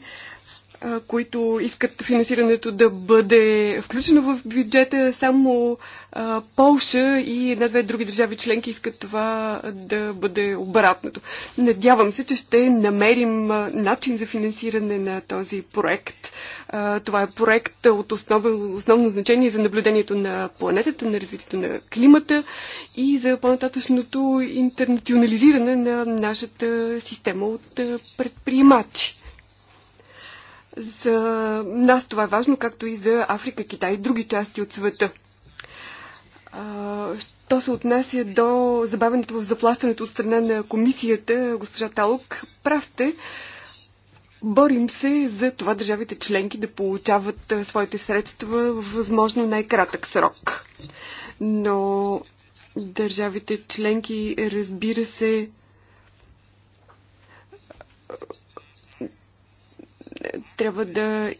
които искат финансирането да бъде включено в бюджета. Само а, Полша и една-две други държави членки искат това да бъде обратното. Надявам се, че ще намерим начин за финансиране на този проект. А, това е проект от основ, основно значение за наблюдението на планетата, на развитието на климата и за по-нататъчното интернационализиране на нашата система от предприемачи. За нас това е важно, както и за Африка, Китай и други части от света. Що се отнася до забавянето в заплащането от страна на комисията, госпожа Талок. Прав сте. Борим се за това държавите членки да получават своите средства в възможно най-кратък срок. Но държавите членки, разбира се, трябва да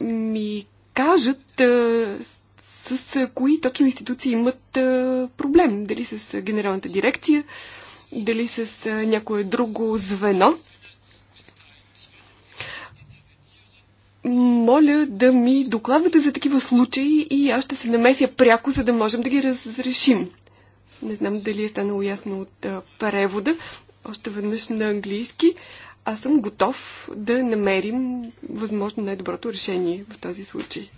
ми кажат с, а, кои точно институции имат проблем. Дали с генералната дирекция, дали с някое друго звено. Моля да ми докладвате за такива случаи и аз ще се намеся пряко, за да можем да ги разрешим. Не знам дали е станало ясно от превода. Още веднъж на английски аз съм готов да намерим възможно най-доброто решение в този случай.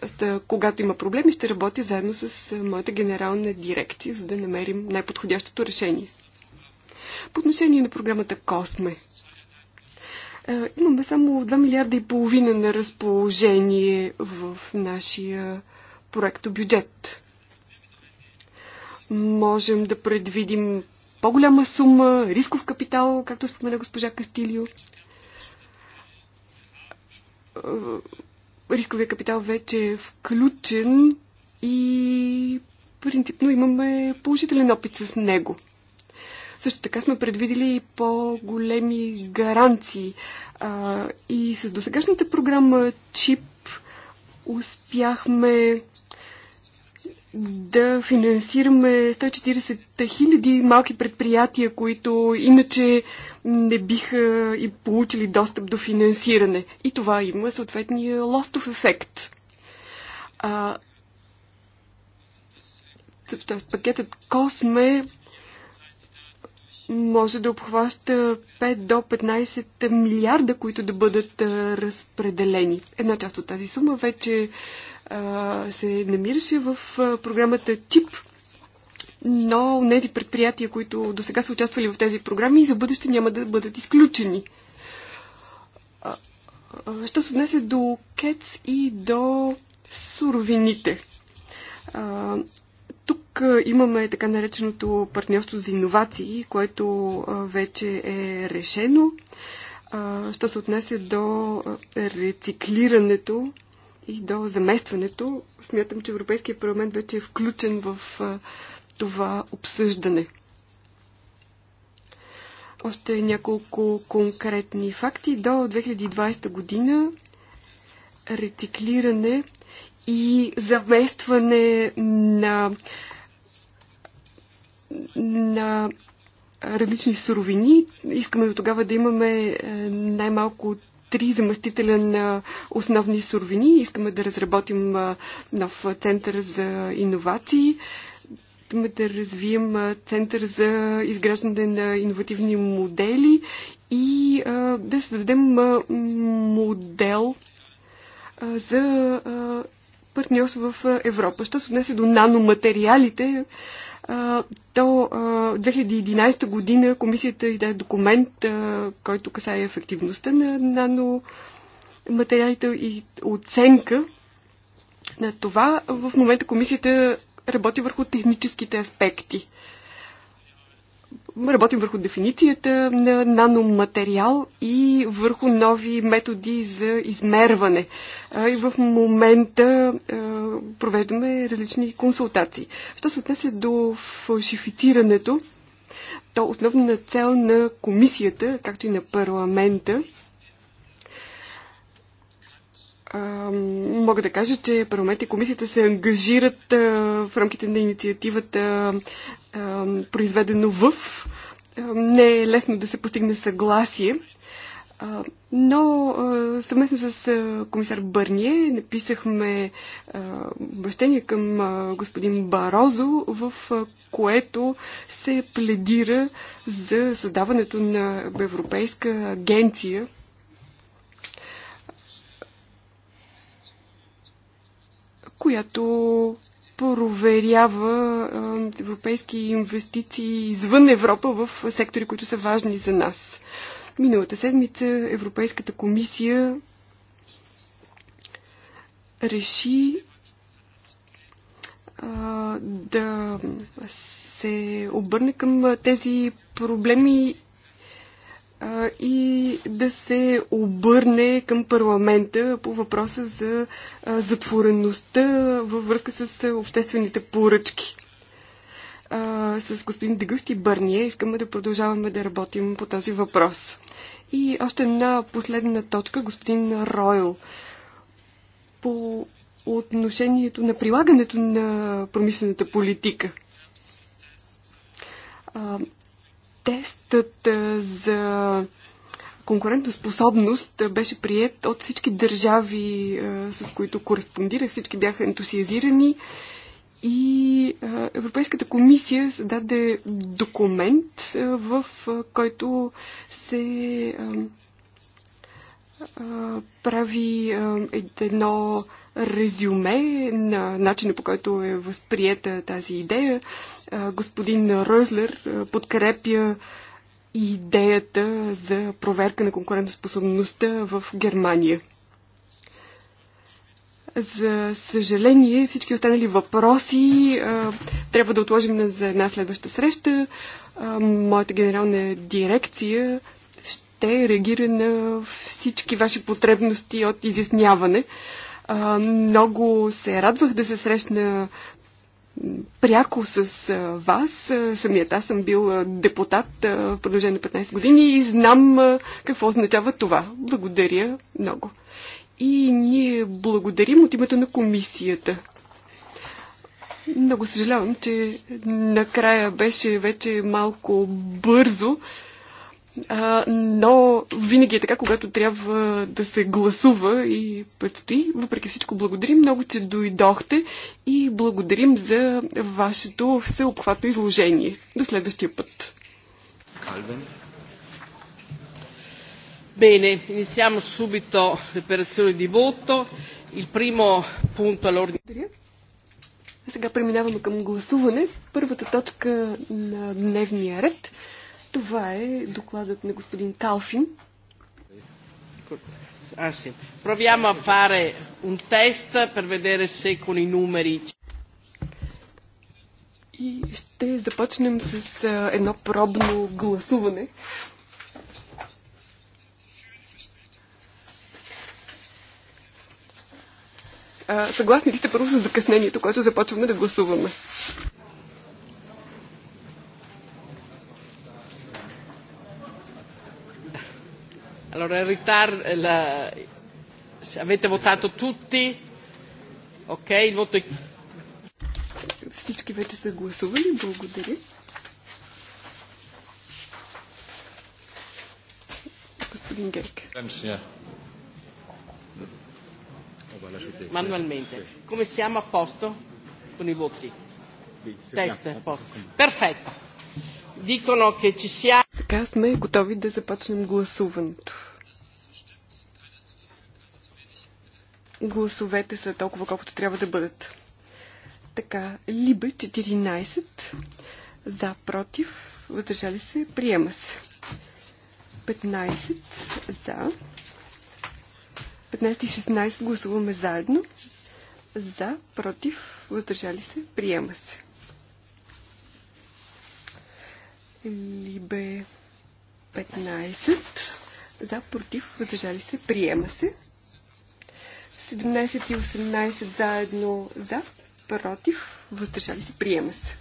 Тоест, когато има проблеми, ще работя заедно с моята генерална дирекция, за да намерим най-подходящото решение. По отношение на програмата Косме. Имаме само 2 милиарда и половина на разположение в нашия бюджет. Можем да предвидим по-голяма сума, рисков капитал, както спомена госпожа Кастилио. Е, рисковия капитал вече е включен и принципно имаме положителен опит с него. Също така сме предвидили и по-големи гаранции. А, и с досегашната програма ЧИП успяхме да финансираме 140 хиляди малки предприятия, които иначе не биха и получили достъп до финансиране. И това има съответния лостов ефект. А, тоест, пакетът Косме може да обхваща 5 до 15 милиарда, които да бъдат разпределени. Една част от тази сума вече се намираше в програмата ТИП, но тези предприятия, които до сега са участвали в тези програми, за бъдеще няма да бъдат изключени. Що се отнесе до КЕЦ и до суровините? Тук имаме така нареченото партньорство за иновации, което вече е решено. Що се отнесе до рециклирането, и до заместването. Смятам, че Европейския парламент вече е включен в това обсъждане. Още няколко конкретни факти. До 2020 година рециклиране и заместване на, на различни суровини. Искаме до тогава да имаме е, най-малко три заместителя на основни суровини. Искаме да разработим нов център за иновации. Искаме да развием център за изграждане на иновативни модели и да създадем модел за партньорство в Европа. Що се отнесе до наноматериалите, то 2011 година комисията издаде документ, който касае ефективността на наноматериалите и оценка на това. В момента комисията работи върху техническите аспекти. Работим върху дефиницията на наноматериал и върху нови методи за измерване. И в момента провеждаме различни консултации. Що се отнесе до фалшифицирането, то основна цел на комисията, както и на парламента, мога да кажа, че парламент и комисията се ангажират в рамките на инициативата произведено в. Не е лесно да се постигне съгласие, но съвместно с комисар Бърние написахме обращение към господин Барозо, в което се пледира за създаването на Европейска агенция която проверява европейски инвестиции извън Европа в сектори, които са важни за нас. Миналата седмица Европейската комисия реши да се обърне към тези проблеми и да се обърне към парламента по въпроса за затвореността във връзка с обществените поръчки. С господин Дегъвт и Бърния искаме да продължаваме да работим по този въпрос. И още една последна точка, господин Ройл. По отношението на прилагането на промишлената политика Тестът за конкурентоспособност беше прият от всички държави, с които кореспондирах. Всички бяха ентусиазирани и Европейската комисия даде документ, в който се прави едно резюме на начина по който е възприета тази идея. Господин Розлер подкрепя идеята за проверка на конкурентоспособността в Германия. За съжаление, всички останали въпроси а, трябва да отложим за една следваща среща. А, моята генерална дирекция ще реагира на всички ваши потребности от изясняване. А, много се радвах да се срещна пряко с вас. Самият аз съм бил депутат в продължение на 15 години и знам какво означава това. Благодаря много. И ние благодарим от името на комисията. Много съжалявам, че накрая беше вече малко бързо. А, но винаги е така, когато трябва да се гласува и предстои. Въпреки всичко, благодарим много, че дойдохте и благодарим за вашето всеобхватно изложение. До следващия път. Калвен. Bene, iniziamo subito l'operazione di voto. Il primo punto all'ordine. Сега преминаваме към гласуване. Първата точка на дневния ред това е докладът на господин Калфин. Ah, sì. Proviamo a fare un test per vedere se con i numeri. И ще започнем с едно пробно гласуване. съгласни ли сте първо с закъснението, което започваме да гласуваме? Allora, il ritardo, la... avete votato tutti? Ok, il voto è... Всички вече са гласували. Благодаря. Господин Герк. Manualmente. Come siamo a posto con i voti? Test, a posto. Perfetto. Dicono che ci siamo. Така сме готови да започнем гласуването. Гласовете са толкова, колкото трябва да бъдат. Така, Либе 14, за, против, въздържали се, приема се. 15 за. 15 и 16 гласуваме заедно. За, против, въздържали се, приема се. Либе 15. За, против, въздържали се, приема се. 17 и 18 заедно за, против, въздържали се, приема се.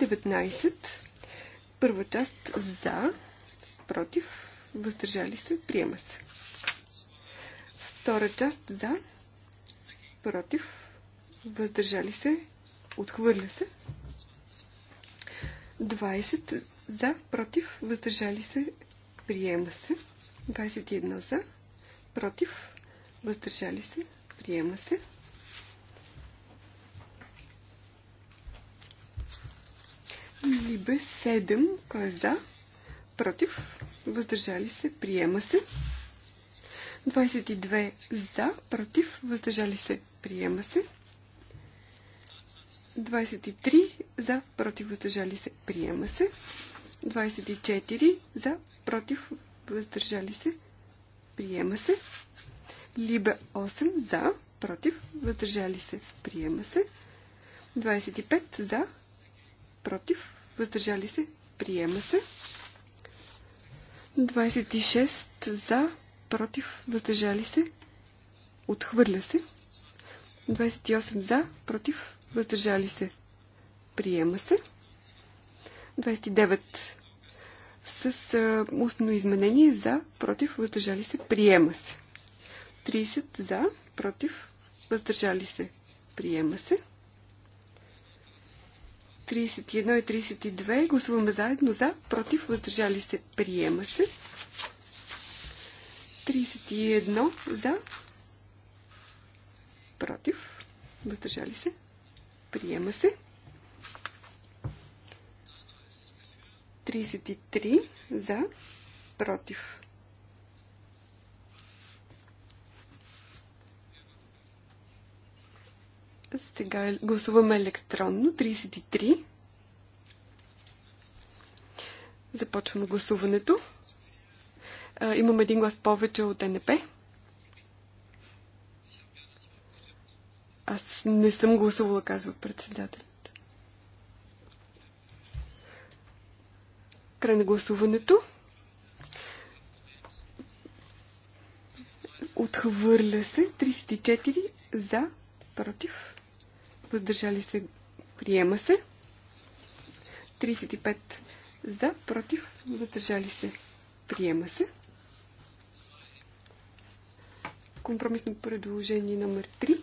19. Първа част за, против, въздържали се, приема се. Втора част за, против, въздържали се, отхвърля се. 20 за, против, въздържали се, приема се. 21 за, против, въздържали се, приема се. Либе 7, кой е за, против, въздържали се, приема се. 22 за, против, въздържали се, приема се. 23 за против въздържали се приема се. 24 за против въздържали се приема се. Либе 8 за против въздържали се приема се. 25 за против въздържали се приема се. 26 за против въздържали се отхвърля се. 28 за против въздържали се, приема се. 29 с а, устно изменение за, против, въздържали се, приема се. 30 за, против, въздържали се, приема се. 31 и 32 гласуваме заедно за, против, въздържали се, приема се. 31 за, против, въздържали се, Приема се. 33 за, против. Сега гласуваме електронно. 33. Започваме гласуването. имам един глас повече от НП. Аз не съм гласувала, казва председателят. Край на гласуването. Отхвърля се 34 за, против. Въздържали се, приема се. 35 за, против, въздържали се, приема се. Компромисно предложение номер 3.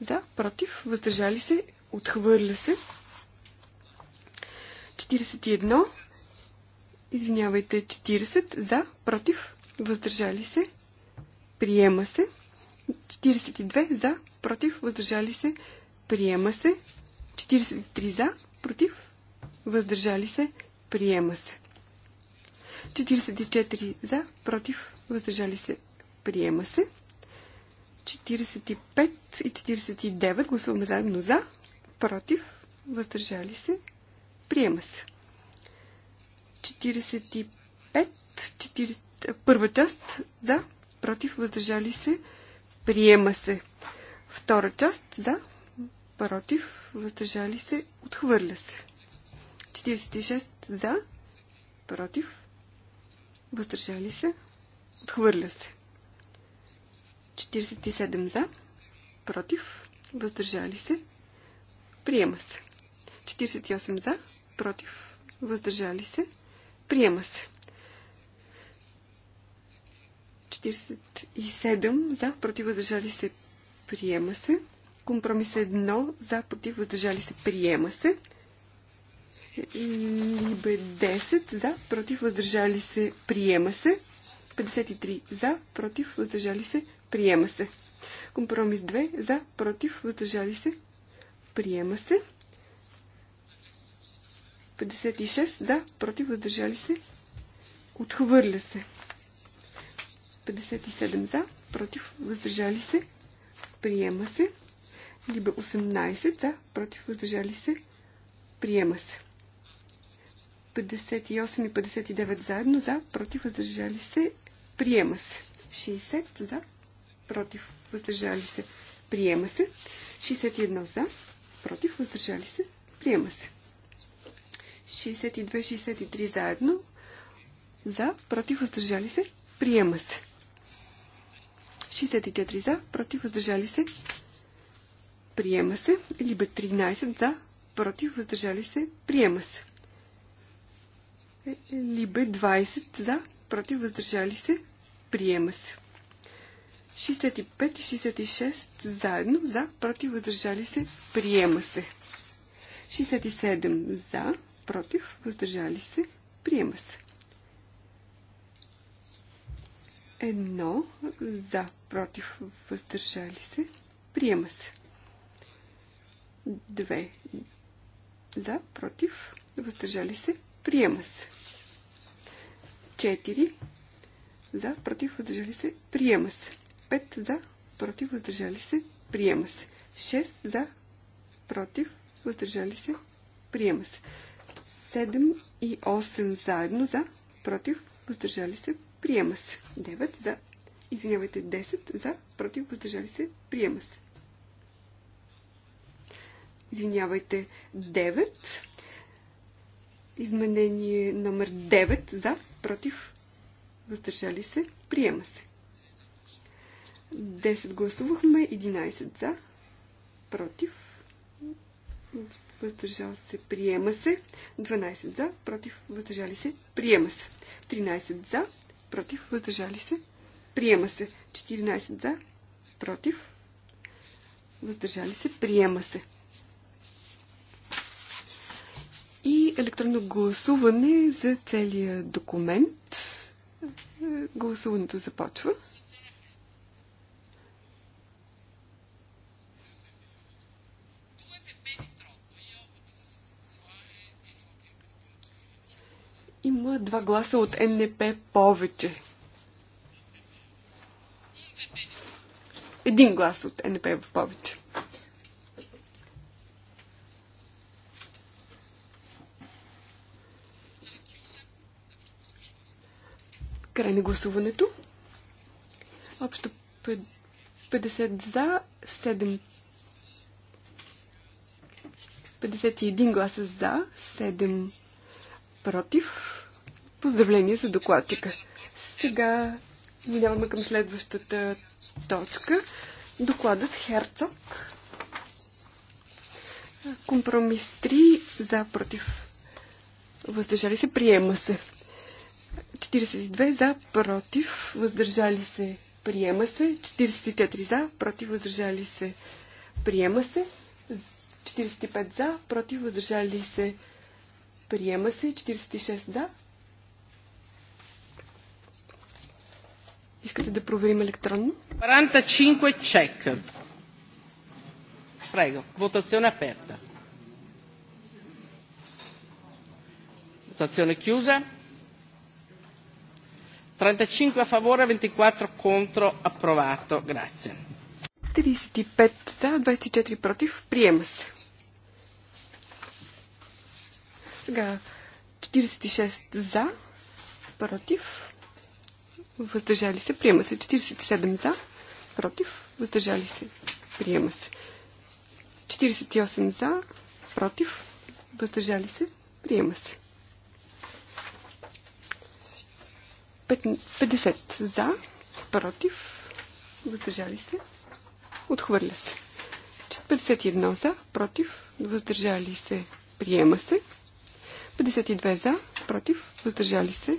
за, против, въздържали се, отхвърля се. 41. Извинявайте, 40. За, против, въздържали се, приема се. 42. За, против, въздържали се, приема се. 43. За, против, въздържали се, приема се. 44. За, против, въздържали се, приема се. 45 и 49. Гласуваме заедно за, против, въздържали се, приема се. 45, 40, първа част за, против, въздържали се, приема се. Втора част за, против, въздържали се, отхвърля се. 46 за, против, въздържали се, отхвърля се. 47 за, против, въздържали се, приема се. 48 за, против, въздържали се, приема се. 47 за, против, въздържали се, приема се. Компромис 1 за, против, въздържали се, приема се. Либе 10 за, против, въздържали се, приема се. 53 за, против, въздържали се, Приема се. Компромис 2 за, против, въздържали се. Приема се. 56 за, против, въздържали се. Отхвърля се. 57 за, против, въздържали се. Приема се. Либо 18 за, против, въздържали се. Приема се. 58 и 59 заедно за, против, въздържали се. Приема се. 60 за, против, въздържали се, приема се. 61 за, против, въздържали се, приема се. 62-63 заедно, за, против, въздържали се, приема се. 64 за, против, въздържали се, приема се. Либе 13 за, против, въздържали се, приема се. Е, е, либе 20 за, против, въздържали се, приема се. 65 и 66 заедно за, против, въздържали се, приема се. 67 за, против, въздържали се, приема се. Едно за, против, въздържали се, приема се. Две за, против, въздържали се, приема се. 4 за, против, въздържали се, приема се. 5 за, против, въздържали се, приема се. 6 за, против, въздържали се, приема се. 7 и 8 заедно за, против, въздържали се, приема се. 9 за, извинявайте, 10 за, против, въздържали се, приема се. Извинявайте, 9. Изменение номер 9 за, против, въздържали се, приема се. 10 гласувахме, 11 за, против, въздържал се, приема се, 12 за, против, въздържали се, приема се, 13 за, против, въздържали се, приема се, 14 за, против, въздържали се, приема се. И електронно гласуване за целия документ. Гласуването започва. Има два гласа от НП повече. Един глас от НП повече. Край на гласуването. Общо 50 за, 7 51 гласа за, 7 против. Поздравление за докладчика. Сега минаваме към следващата точка. Докладът Херцог. Компромис 3 за против. Въздържали се, приема се. 42 за против, въздържали се, приема се. 44 за против, въздържали се, приема се. 45 за против, въздържали се, приема се. 46 за Искате да проверим електронно? 45 чек. Prego, votazione aperta. Votazione chiusa. 35 a favore, 24 contro, approvato. Grazie. 35 за, 24 против. Приема се. Сега 46 за, против въздържали се, приема се. 47 за, против, въздържали се, приема се. 48 за, против, въздържали се, приема се. 50 за, против, въздържали се, отхвърля се. 51 за, против, въздържали се, приема се. 52 за, против, въздържали се,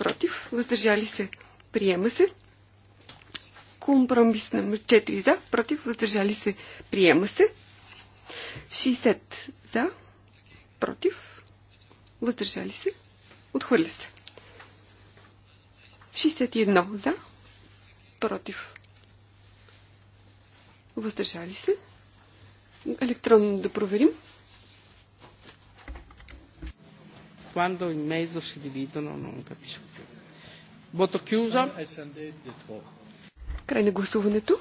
против, въздържали се, приема се. Компромис на 4 за, против, въздържали се, приема се. 60 за, против, въздържали се, отхвърля се. 61 за, против, въздържали се. Електронно да проверим. Quando in mezzo si dividono non capisco. Voto Край на гласуването.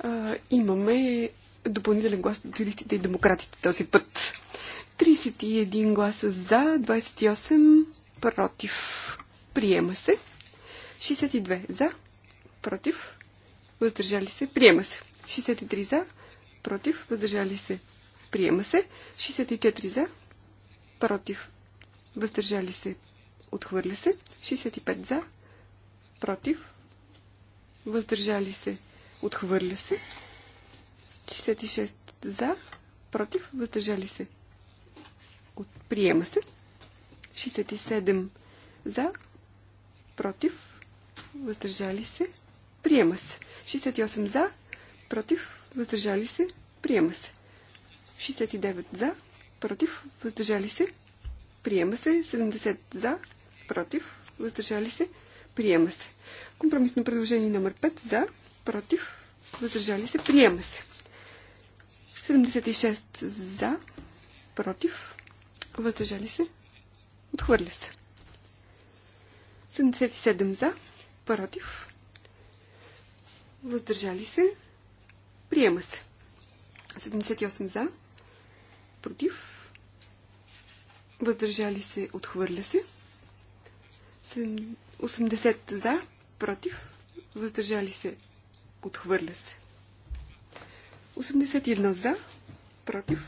А, имаме допълнителен глас от цивилистите и демократите този път. 31 гласа за, 28 против. Приема се. 62 за, против. Въздържали се. Приема се. 63 за, против. Въздържали се. Приема се. 64 за, против. Въздържали се. Отхвърля се. 65 за. Против. Въздържали се. Отхвърля се. 66 за. Против. Въздържали се. От... Приема се. 67 за. Против. Въздържали се. Приема се. 68 за. Против. Въздържали се. Приема се. 69 за. Против. Въздържали се. Приема се. 70 за против, въздържали се, приема се. Компромисно предложение номер 5 за, против, въздържали се, приема се. 76 за, против, въздържали се, отхвърля се. 77 за, против, въздържали се, приема се. 78 за, против, въздържали се, отхвърля се. 80 за, против, въздържали се, отхвърля се. 81 за, против,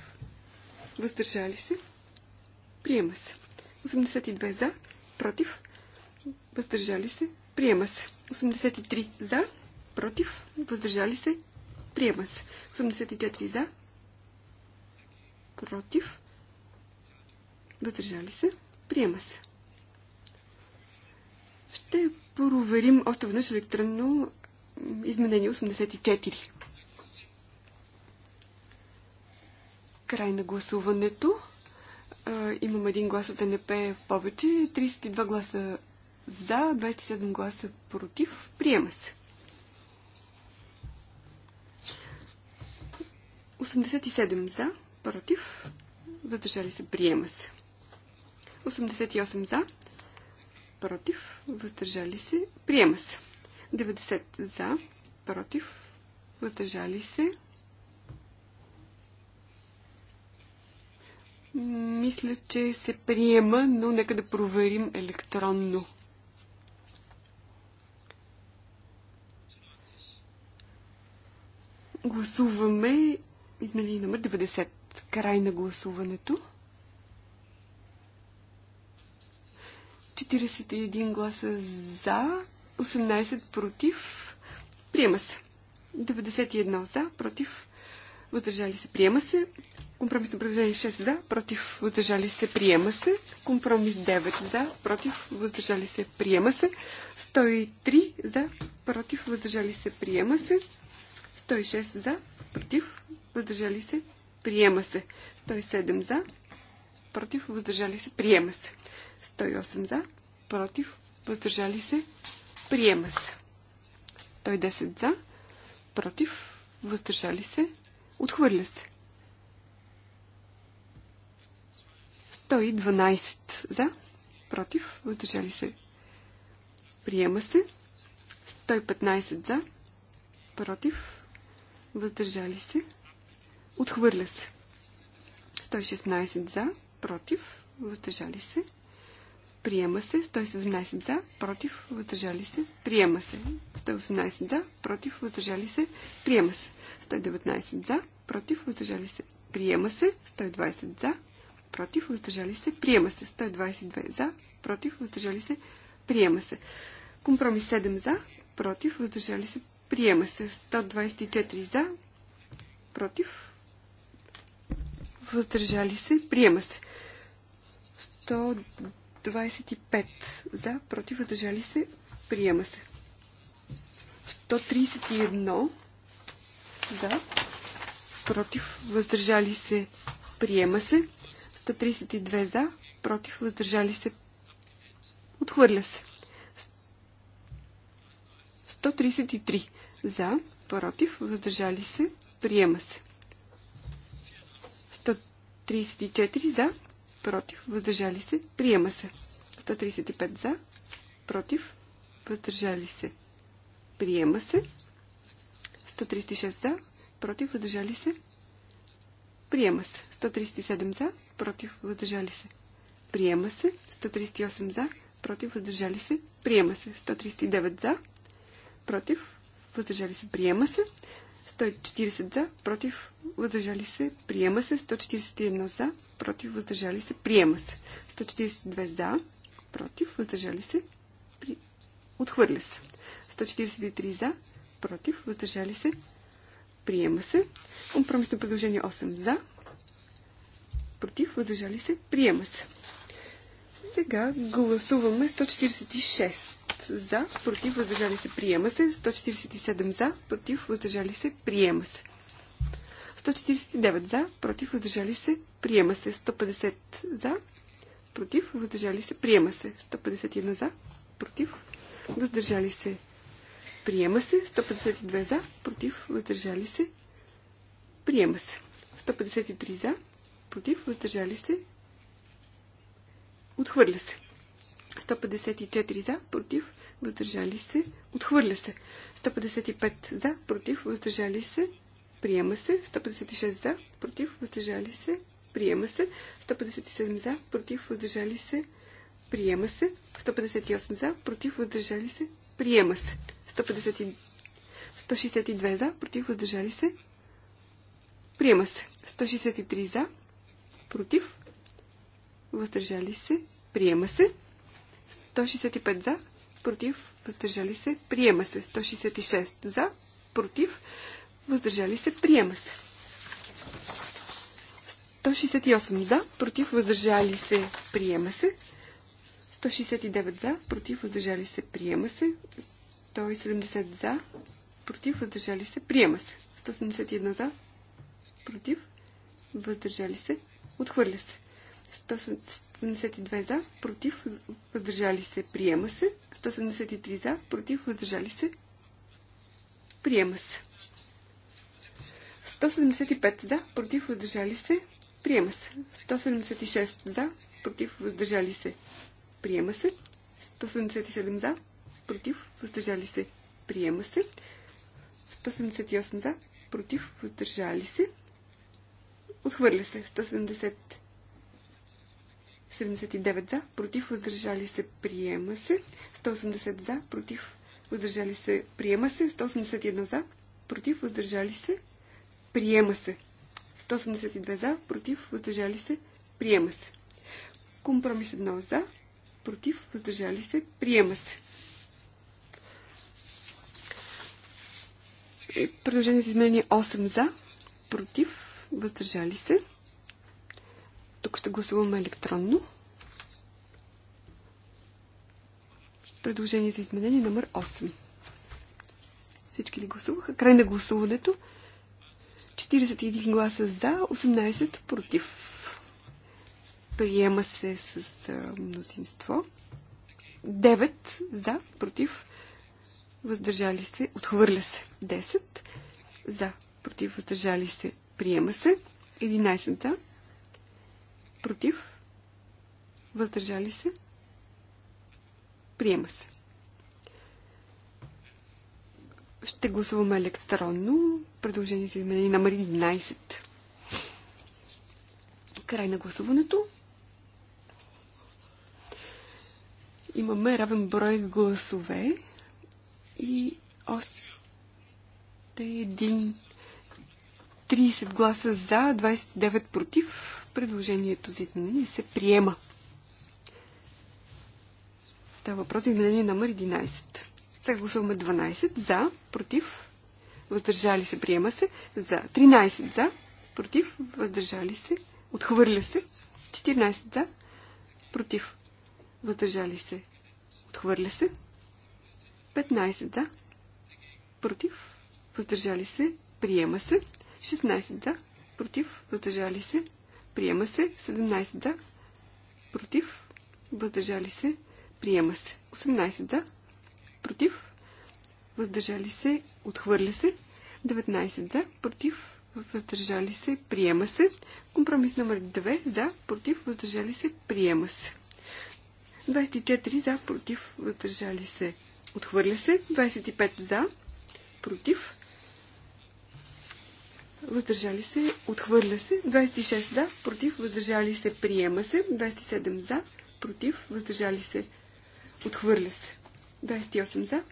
въздържали се, приема се. 82 за, против, въздържали се, приема се. 83 за, против, въздържали се, приема се. 84 за, против, въздържали се, приема се. Ще проверим още веднъж електронно изменение 84. Край на гласуването. Имам един глас от НП повече. 32 гласа за, 27 гласа против. Приема се. 87 за, против, въздържали се, приема се. 88 за, против, въздържали се, приема се. 90 за, против, въздържали се. Мисля, че се приема, но нека да проверим електронно. Гласуваме изменение номер 90. Край на гласуването. 41 гласа за, 18 против. Приема се. 91 за, против. Въздържали се. Приема се. Компромисно предложение 6 за, против. Въздържали се. Приема се. Компромис 9 за, против. Въздържали се. Приема се. 103 за, против. Въздържали се. Приема се. 106 за, против. Въздържали се. Приема се. 107 за, против. Въздържали се. Приема се. 108 за, против, въздържали се, приема се. 110 за, против, въздържали се, отхвърля се. 112 за, против, въздържали се, приема се. 115 за, против, въздържали се, отхвърля се. 116 за, против, въздържали се, Приема се. 117 за. Против. Въздържали се. Приема се. 118 за. Против. Въздържали се. Приема се. 119 за. Против. Въздържали се. Приема се. 120 за. Против. Въздържали се. Приема се. 122 за. Против. Въздържали се. Приема се. Компромис 7 за. Против. Въздържали се. Приема се. 124 за. Против. Въздържали се. Приема се. 100 25 за, против, въздържали се, приема се. 131 за, против, въздържали се, приема се. 132 за, против, въздържали се, отхвърля се. 133 за, против, въздържали се, приема се. 134 за, против, въздържали се, приема се. 135 за, против, въздържали се, приема се. 136 за, против, въздържали се, приема се. 137 за, против, въздържали се, приема се. 138 за, против, въздържали се, приема се. 139 за, против, въздържали се, приема се. 140 за, против, въздържали се, приема се. 141 за, против, въздържали се, приема се. 142 за, против, въздържали се, при... отхвърля се. 143 за, против, въздържали се, приема се. Компромисно предложение 8 за, против, въздържали се, приема се. Сега гласуваме 146 за, против, въздържали се, приема се. 147 за, против, въздържали се, приема се. 149 за, против, въздържали се, приема се. 150 за, против, въздържали се, приема се. 151 за, против, въздържали се, приема се. 152 за, против, въздържали се, приема се. 153 за, против, въздържали се, отхвърля се. 154 за, против, въздържали се, отхвърля се. 155 за, против, въздържали се, приема се. 156 за, против, въздържали се, приема се. 157 за, против, въздържали се, приема се. 158 за, против, въздържали се, приема се. 150... 162 за, против, въздържали се, приема се. 163 за, против, въздържали се, приема се. 165 за, против, въздържали се, приема се. 166 за, против, въздържали се, приема се. 168 за, против, въздържали се, приема се. 169 за, против, въздържали се, приема се. 170 за, против, въздържали се, приема се. 171 за, против, въздържали се, отхвърля се. 172 за, против, въздържали се, приема се. 173 за, против, въздържали се, приема се. 175 за, против, въздържали се, приема се. 176 за, против, въздържали се, приема се. 177 за, против, въздържали се, приема се. 178 за, против, въздържали се, отхвърля се. 170 79 за, против, въздържали се, приема се. 180 за, против, въздържали се, приема се. 181 за, против, въздържали се, приема се. 182 за, против, въздържали се, приема се. Компромис 1 за, против, въздържали се, приема се. Е, предложение за изменение 8 за, против, въздържали се. Тук ще гласуваме електронно. Предложение за изменение номер 8. Всички ли гласуваха? Край на гласуването. 41 гласа за, 18 против. Приема се с мнозинство. 9 за, против. Въздържали се, отхвърля се. 10 за, против, въздържали се, приема се. 11 за, Против? Въздържали се? Приема се. Ще гласуваме електронно. Предложение за изменение номер 11. Край на гласуването. Имаме равен брой гласове и още един 30 гласа за, 29 против. Предложението за изменение се приема. Става въпрос за изменение номер 11. Сега гласуваме 12 за, против, въздържали се, приема се, за 13 за, против, въздържали се, отхвърля се, 14 за, против, въздържали се, отхвърля се, 15 за, против, въздържали се, приема се, 16 за, против, въздържали се, Приема се. 17 за. Против. Въздържали се. Приема се. 18 за. Против. Въздържали се. Отхвърля се. 19 за. Против. Въздържали се. Приема се. Компромис номер 2 за. Против. Въздържали се. Приема се. 24 за. Против. Въздържали се. Отхвърля се. 25 за. Против въздържали се, отхвърля се, 26 за, против, въздържали се, приема се, 27 за, против, въздържали се, отхвърля се, 28 за,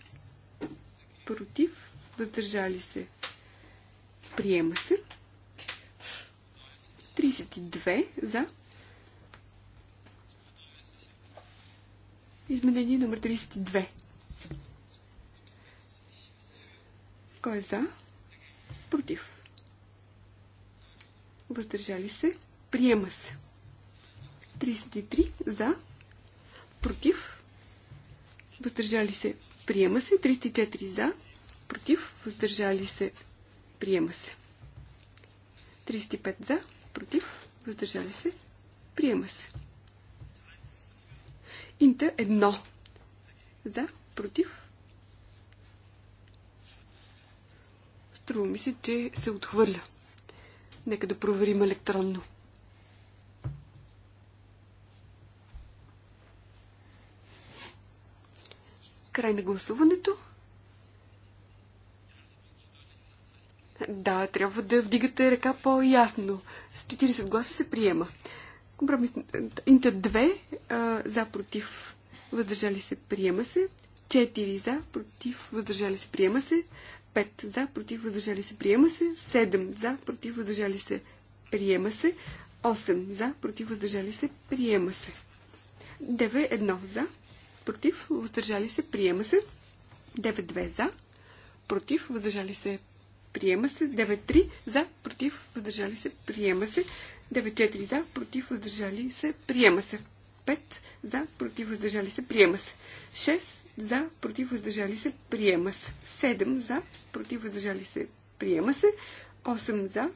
против, въздържали се, приема се, 32 за, изменение номер 32. Кой е за? Против въздържали се, приема се. 33 за, против, въздържали се, приема се. 34 за, против, въздържали се, приема се. 35 за, против, въздържали се, приема се. Инта едно. за, против, Струва ми се, че се отхвърля. Нека да проверим електронно. Край на гласуването. Да, трябва да вдигате ръка по-ясно. С 40 гласа се приема. Компромис... Инта 2 за против въздържали се приема се. 4 за против въздържали се приема се. 5 за, против, въздържали се, приема се. 7 за, против, въздържали се, приема се. 8 за, против, въздържали се, приема се. 9 1 за, против, въздържали се, приема се. 9 2 за, против, въздържали се, приема се. 9 3 за, против, въздържали се, приема се. 9 4 за, против, въздържали се, приема се. 5 за, против, въздържали се, приема се. 6 за, против, въздържали се, приема се. 7 за, против, въздържали се, приема се. 8 за,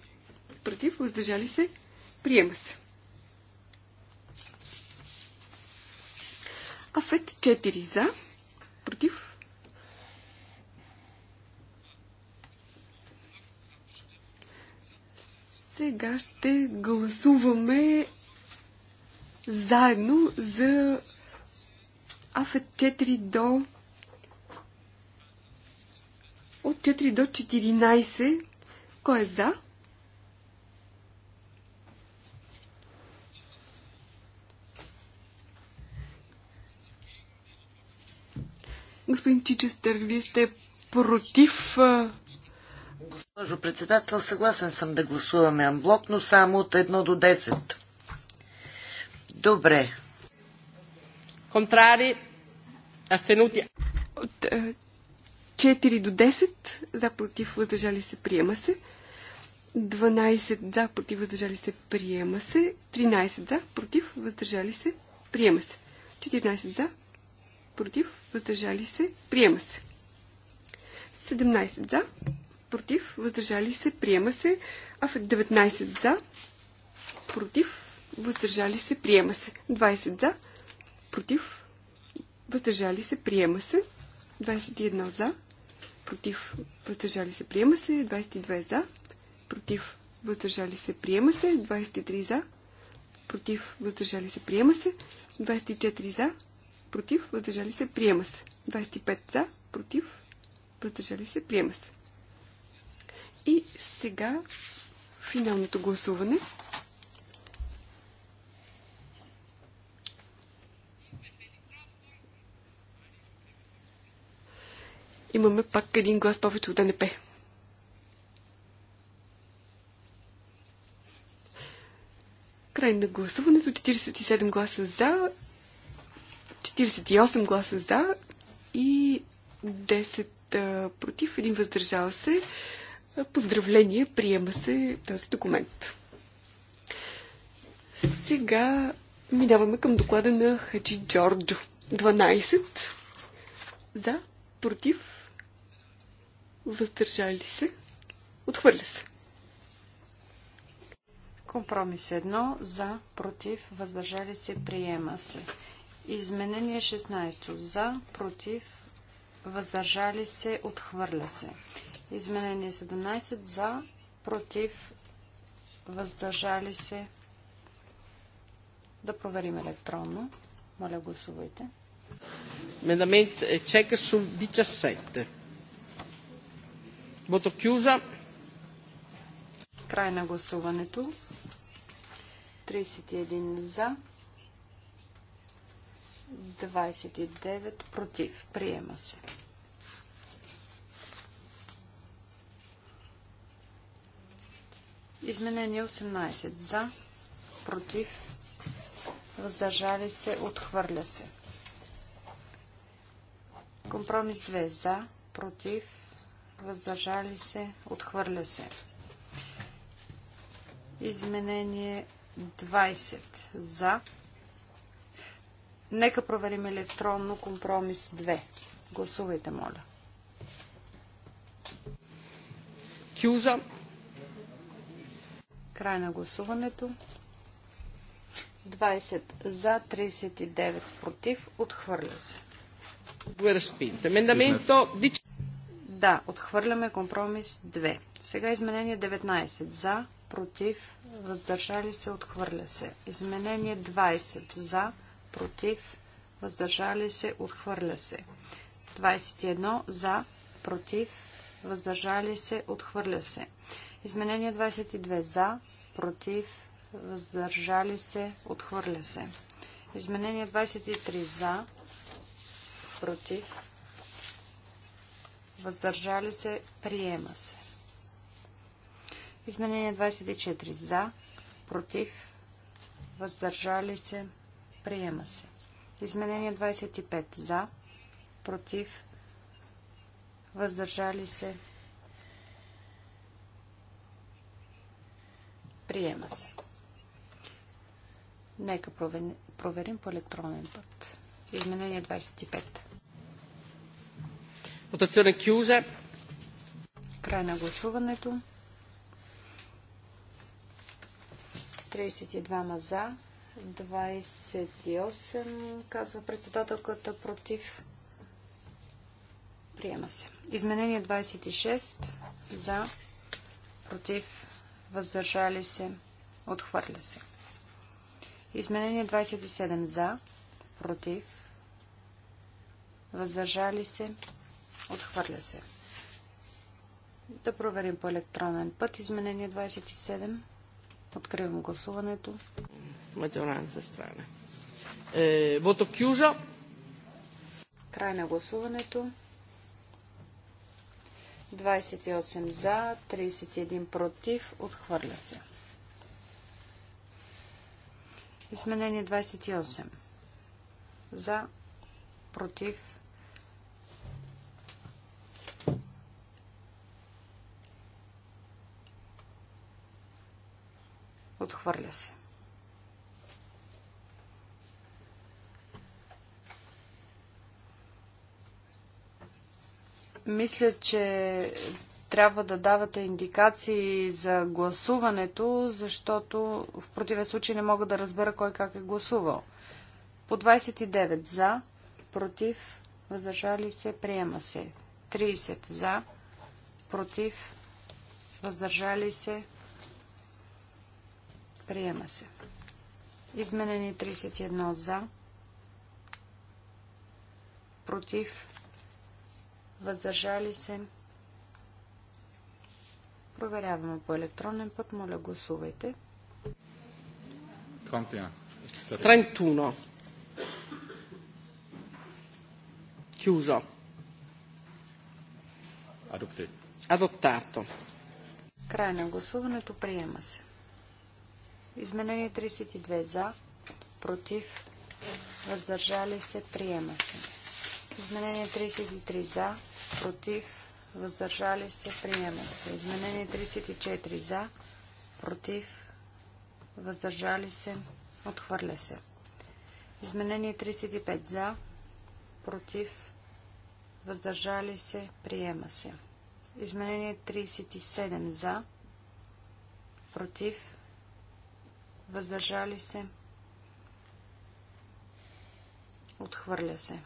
против, въздържали се, приема се. Афет 4 за, против. Сега ще гласуваме заедно за АФЕ 4 до от 4 до 14. Кой е за? Господин Чичестър, вие сте против. Госпожо председател, съгласен съм да гласуваме амблок, но само от 1 до 10. Добре. Контрари. Астенути. От 4 е, до 10 за против въздържали се приема се. 12 за против въздържали се приема се. 13 за против въздържали се приема се. 14 за против въздържали се приема се. 17 за против въздържали се приема се. А 19 за против въздържали се, приема се. 20 за, против, въздържали се, приема се. 21 за, против, въздържали се, приема се. 22 за, против, въздържали се, приема се. 23 за, против, въздържали се, приема се. 24 за, против, въздържали се, приема се. 25 за, против, въздържали се, приема се. И сега финалното гласуване. Имаме пак един глас повече от ДНП. Край на гласуването. 47 гласа за, 48 гласа за и 10 а, против, един въздържал се. Поздравление, приема се този документ. Сега минаваме към доклада на Хаджи Джорджо. 12 за, против, въздържали се, отхвърля се. Компромис 1 за, против, въздържали се, приема се. Изменение 16 за, против, въздържали се, отхвърля се. Изменение 17 за, против, въздържали се. Да проверим електронно. Моля, гласувайте. е чека 17. Вото кюза. Край на гласуването. 31 за. 29 против. Приема се. Изменение 18 за. Против. Въздържали се. Отхвърля се. Компромис 2 за. Против въздържали се, отхвърля се. Изменение 20 за. Нека проверим електронно компромис 2. Гласувайте, моля. Кюжа. Край на гласуването. 20 за, 39 против. Отхвърля се. Буерспинт. Дичи. Да, отхвърляме компромис 2. Сега изменение 19. За, против, въздържали се, отхвърля се. Изменение 20. За, против, въздържали се, отхвърля се. 21. За, против, въздържали се, отхвърля се. Изменение 22. За, против, въздържали се, отхвърля се. Изменение 23. За, против, въздържали се, приема се. Изменение 24 за, против, въздържали се, приема се. Изменение 25 за, против, въздържали се, приема се. Нека проверим по електронен път. Изменение 25. Votazione chiusa. Край на гласуването. 32 за, 28, казва председателката, против. Приема се. Изменение 26 за, против, въздържали се, отхвърля се. Изменение 27 за, против, въздържали се, Отхвърля се. Да проверим по електронен път. Изменение 27. Откривам гласуването. Мажоранца страна. Е, вото кюжа. Край на гласуването. 28 за, 31 против. Отхвърля се. Изменение 28. За, против, Отхвърля се. Мисля, че трябва да давате индикации за гласуването, защото в противен случай не мога да разбера кой как е гласувал. По 29 за, против, въздържали се, приема се. 30 за, против, въздържали се, Приема се. Изменени 31 за. Против. Въздържали се. Проверяваме по електронен път. Моля, гласувайте. 31. 31. Chiuso. Adoptato. Край на tu prima се. Изменение 32 за, против, въздържали се, приема се. Изменение 33 за, против, въздържали се, приема се. Изменение 34 за, против, въздържали се, отхвърля се. Изменение 35 за, против, въздържали се, приема се. Изменение 37 за, против, въздържали се, отхвърля се.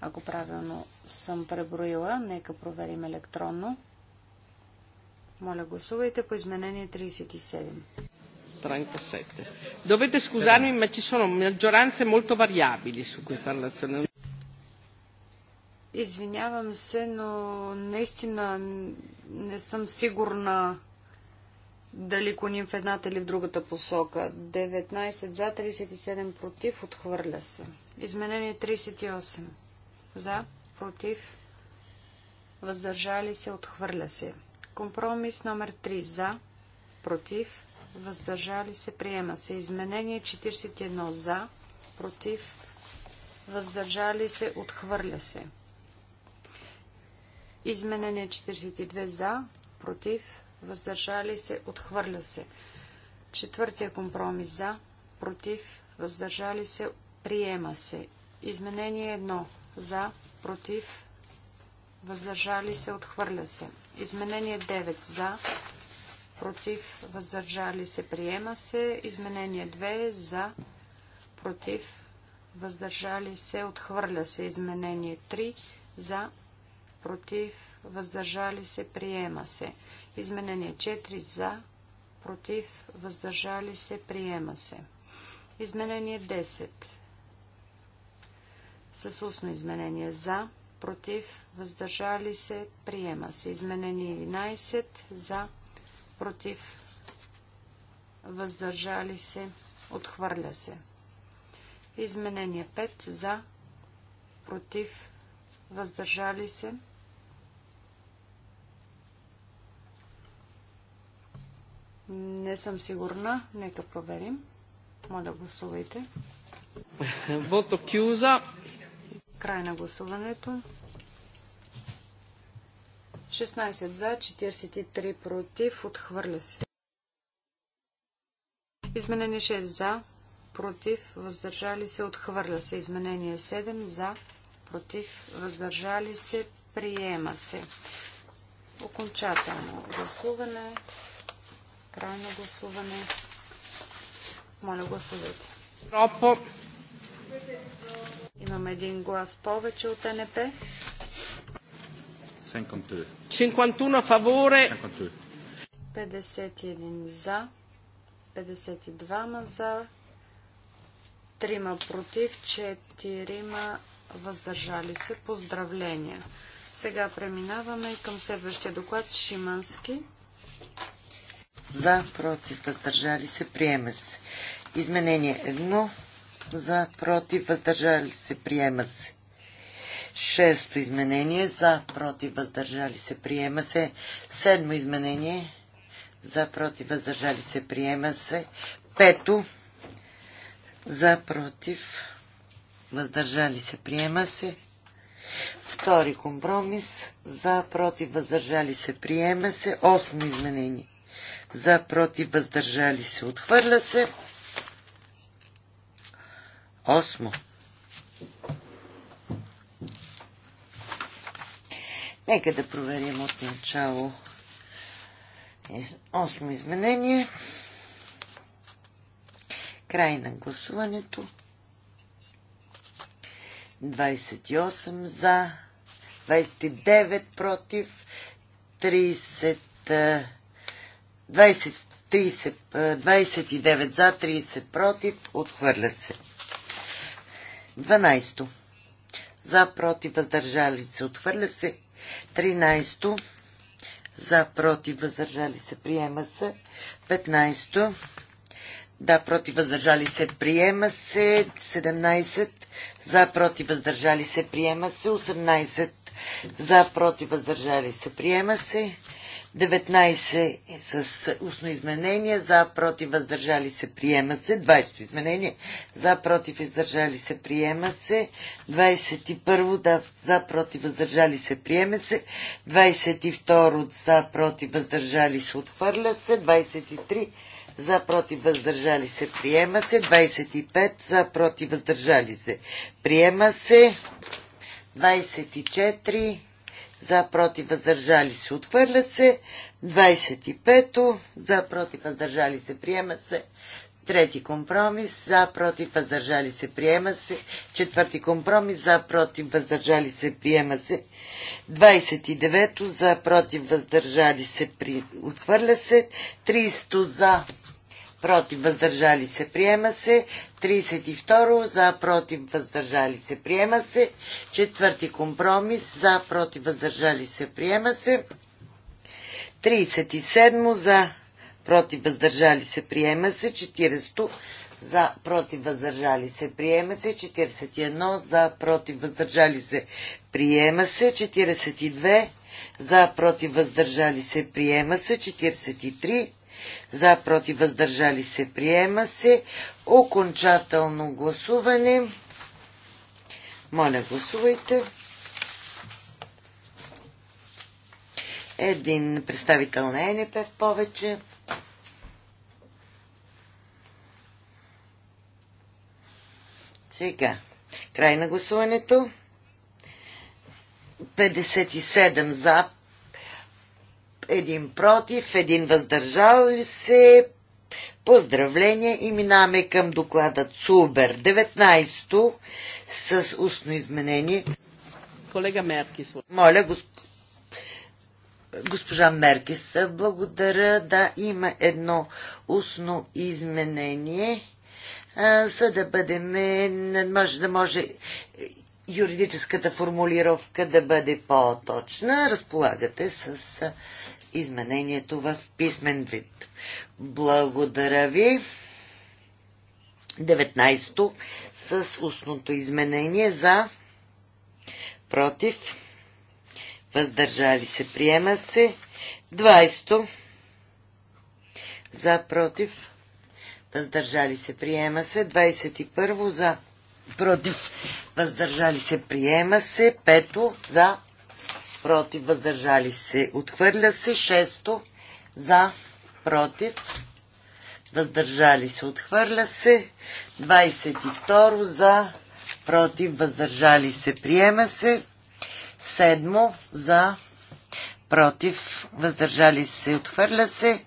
Ако правилно съм преброила, нека проверим електронно. Моля, гласувайте по изменение 37. 37. Dovete scusarmi, ma ci sono maggioranze molto variabili su questa relazione. Извинявам се, но наистина не съм сигурна дали коним в едната или в другата посока. 19 за, 37 против, отхвърля се. Изменение 38. За, против, въздържали се, отхвърля се. Компромис номер 3. За, против, въздържали се, приема се. Изменение 41. За, против, въздържали се, отхвърля се. Изменение 42. За, против, въздържали се, отхвърля се. Четвъртия компромис за, против, въздържали се, приема се. Изменение 1 за, против, въздържали се, отхвърля се. Изменение 9 за, против, въздържали се, приема се. Изменение 2 за, против, въздържали се, отхвърля се. Изменение 3 за, против, въздържали се, приема се. Изменение 4 за, против, въздържали се, приема се. Изменение 10 с устно изменение за, против, въздържали се, приема се. Изменение 11 за, против, въздържали се, отхвърля се. Изменение 5 за, против, въздържали се, Не съм сигурна. Нека проверим. Моля, гласувайте. Вото Кюза. Край на гласуването. 16 за, 43 против. Отхвърля се. Изменение 6 за, против, въздържали се, отхвърля се. Изменение 7 за, против, въздържали се, приема се. Окончателно гласуване. Край на гласуване. Моля, гласувайте. Ропо. Имам един глас повече от НП. 51 фаворе. 51 за. 52 за. 3 против. 4 въздържали се. Поздравления. Сега преминаваме към следващия доклад Шимански за, против, въздържали се, приема се. Изменение 1 за, против, въздържали се, приема се. Шесто изменение за, против, въздържали се, приема се. Седмо изменение за, против, въздържали се, приема се. Пето за, против, въздържали се, приема се. Втори компромис за, против, въздържали се, приема се. Осмо изменение за против въздържали се. Отхвърля се. Осмо. Нека да проверим от начало. Е, осмо изменение. Край на гласуването. 28 за, 29 против, 30 29 за, 30 против, отхвърля се. 12. За, против, въздържали се, отхвърля се. 13. За, против, въздържали се, приема се. 15. Да, против, въздържали се, приема се. 17. За, против, въздържали се, приема се. 18. За, против, въздържали се, приема се. 19 е с устно изменение, за, против, въздържали се, приема се. 20 изменение, за, против, въздържали се, приема се. 21 да, за, против, въздържали се, приема се. 22 за, против, въздържали се, отхвърля се. 23 за против въздържали се приема се, 25 за против въздържали се приема се, 24 за против въздържали се, отхвърля се. 25-то, за против въздържали се, приема се. Трети компромис, за против въздържали се, приема се. Четвърти компромис, за против въздържали се, приема се. 29-то, за против въздържали се, при... отхвърля се. 30-то, за против въздържали се, приема се. 32 за, против въздържали се, приема се. Четвърти компромис за, против въздържали се, приема се. 37 за, против въздържали се, приема се. 40 за, против въздържали се, приема се. 41 за, против въздържали се, приема се. 42 за, против въздържали се, приема се. 43 за против въздържали се приема се. Окончателно гласуване. Моля, гласувайте. Един представител на ЕНП в повече. Сега. Край на гласуването. 57 за, един против, един въздържал ли се. Поздравление и минаваме към доклада ЦУБЕР 19 с устно изменение. Колега Меркис. Моля, госп... госпожа Меркис, благодаря. Да, има едно устно изменение, а, за да бъдем, може да може юридическата формулировка да бъде по-точна. Разполагате с изменението в писмен вид. Благодаря ви. 19 с устното изменение за против въздържали се приема се 20 то за против въздържали се приема се 21 за против въздържали се приема се 5 за против, въздържали се. Отхвърля се. Шесто за, против, въздържали се. Отхвърля се. 22 за, против, въздържали се. Приема се. Седмо за, против, въздържали се. Отхвърля се.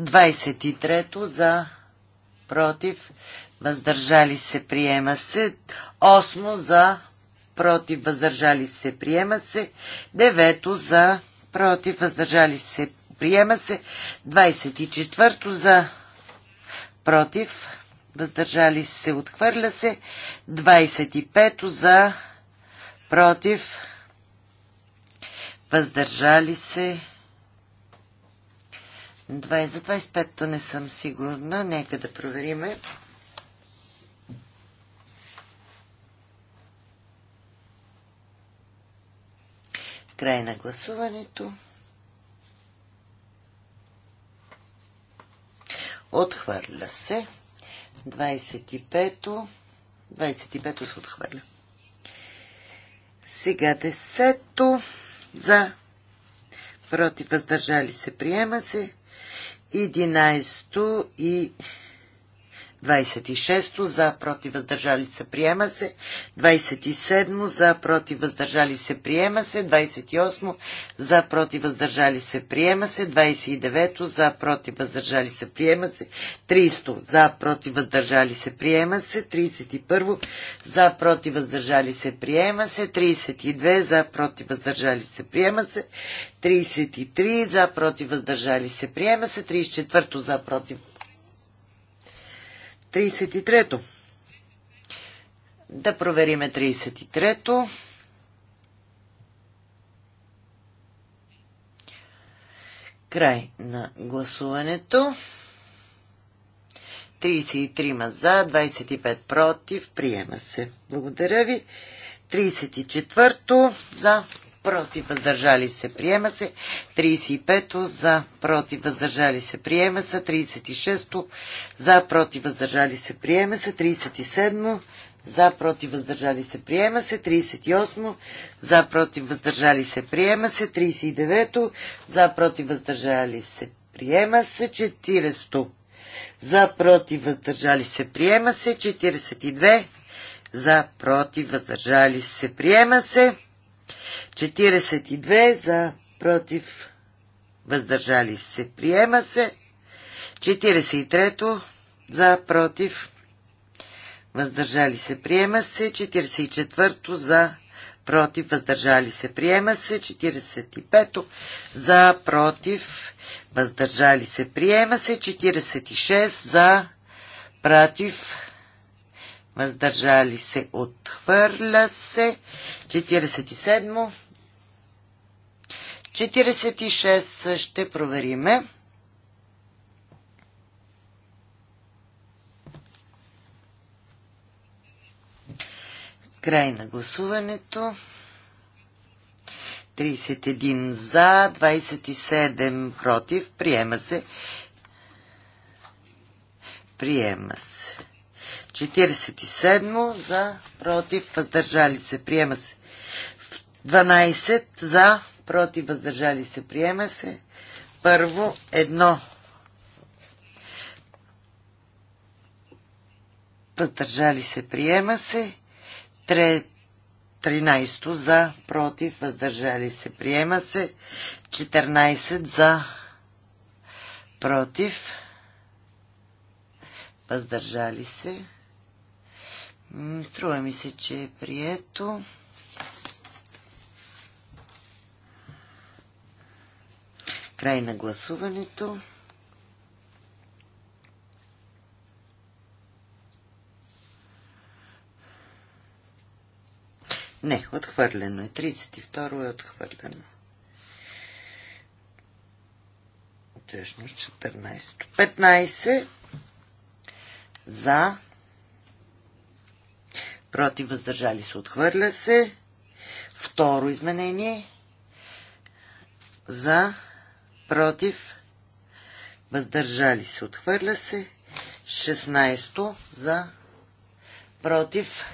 23 за, против, въздържали се. Приема се. Осмо за, против, въздържали се, приема се. Девето за, против, въздържали се, приема се. 24 за, против, въздържали се, отхвърля се. 25 за, против, въздържали се. 20, за 25-то не съм сигурна. Нека да провериме. Край на гласуването. Отхвърля се. 25-то. 25-то се отхвърля. Сега 10-то. За. Против въздържали се. Приема се. 11-то и 26 за против въздържали се приема се. 27 за против въздържали се приема се. 28 за против въздържали се приема се. 29 за против въздържали се приема се. 300 за против въздържали се приема се. 31 за против въздържали се приема се. 32 за против въздържали се приема се. 33 за против въздържали се приема се. 34 за против 33-то. Да провериме 33-то. Край на гласуването. 33 за, 25 против. Приема се. Благодаря ви. 34-то за, против въздържали се, приема се. 35-то за против въздържали се, приема се. 36-то за против въздържали се, приема се. 37-то за против въздържали се, приема се. 38-то за против въздържали се, приема се. 39-то за против въздържали се, приема се. 40-то за против въздържали се, приема се. 42 за против въздържали се, приема се. 42 за против въздържали се. Приема се. 43 за против въздържали се. Приема се. 44 за против въздържали се. Приема се. 45 за против въздържали се. Приема се. 46 за против въздържали се, отхвърля се. 47. 46 ще провериме. Край на гласуването. 31 за, 27 против. Приема се. Приема се. 47 за, против, въздържали се, приема се. 12 за, против, въздържали се, приема се. Първо, едно. Въздържали се, приема се. 13 за, против, въздържали се, приема се. 14 за, против, въздържали се. Струва ми се, че е прието. Край на гласуването. Не, отхвърлено е. 32 е отхвърлено. Всъщност 14. 15 за против, въздържали се, отхвърля се. Второ изменение за, против, въздържали се, отхвърля се. 16 за, против,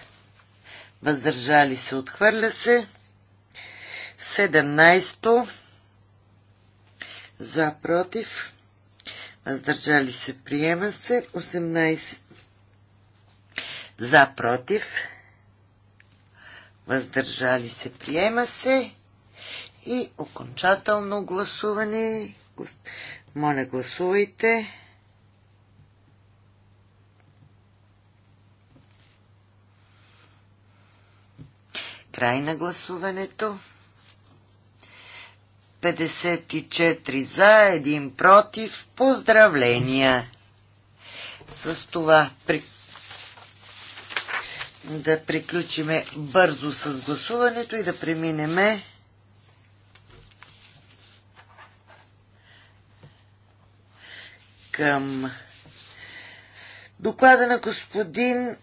въздържали се, отхвърля се. 17 за, против, въздържали се, приема се. 18 за против, въздържали се, приема се и окончателно гласуване. Моля, гласувайте. Край на гласуването. 54 за, 1 против. Поздравления! С това приключваме да приключиме бързо с гласуването и да преминеме към доклада на господин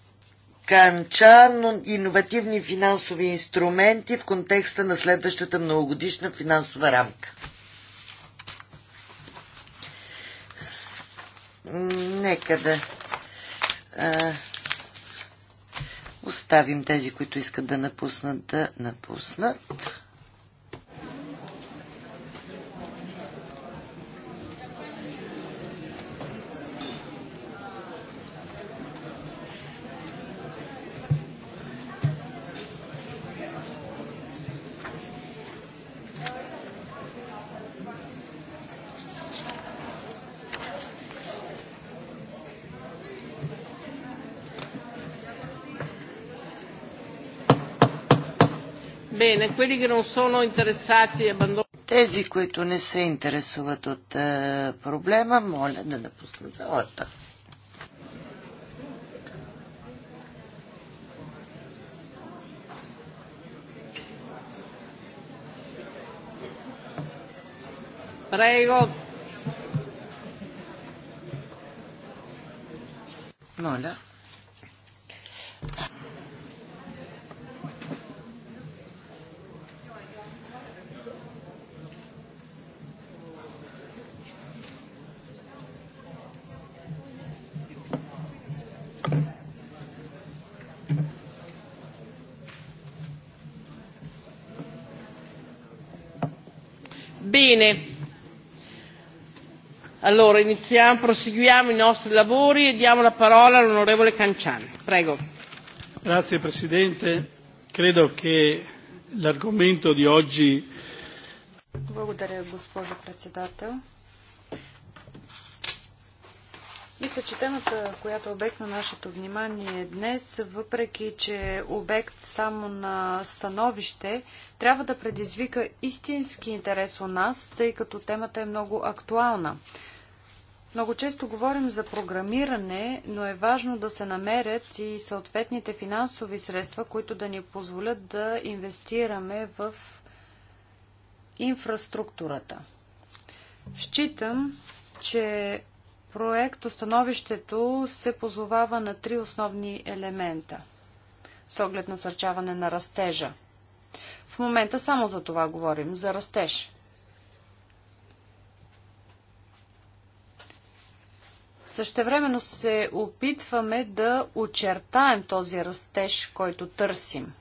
Канчан иновативни финансови инструменти в контекста на следващата многогодишна финансова рамка. С... Нека да а, Оставим тези, които искат да напуснат, да напуснат. E Тези, които не се интересуват от е, проблема, моля да напуснат залата. Prego. Моля. Bene. Allora, iniziamo, proseguiamo i nostri lavori e diamo la parola all'onorevole Cancian. Prego. Grazie Presidente. Credo che l'argomento di oggi. Благодаря, госпожо председател. се, че темата, която е обект на нашето внимание днес, въпреки че е обект само на становище, трябва да предизвика истински интерес у нас, тъй като темата е много актуална. Много често говорим за програмиране, но е важно да се намерят и съответните финансови средства, които да ни позволят да инвестираме в инфраструктурата. Считам, че Проект установището се позовава на три основни елемента с оглед насърчаване на растежа. В момента само за това говорим, за растеж. Същевременно се опитваме да очертаем този растеж, който търсим.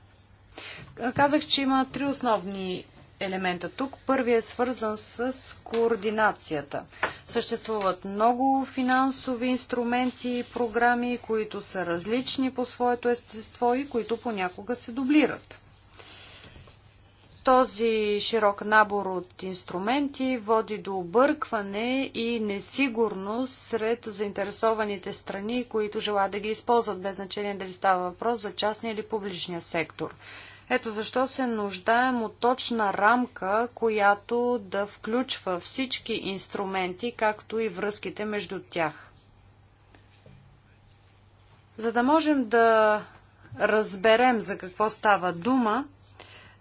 Казах, че има три основни елемента тук. Първият е свързан с координацията. Съществуват много финансови инструменти и програми, които са различни по своето естество и които понякога се дублират. Този широк набор от инструменти води до объркване и несигурност сред заинтересованите страни, които желаят да ги използват, без значение дали става въпрос за частния или публичния сектор. Ето защо се нуждаем от точна рамка, която да включва всички инструменти, както и връзките между тях. За да можем да разберем за какво става дума,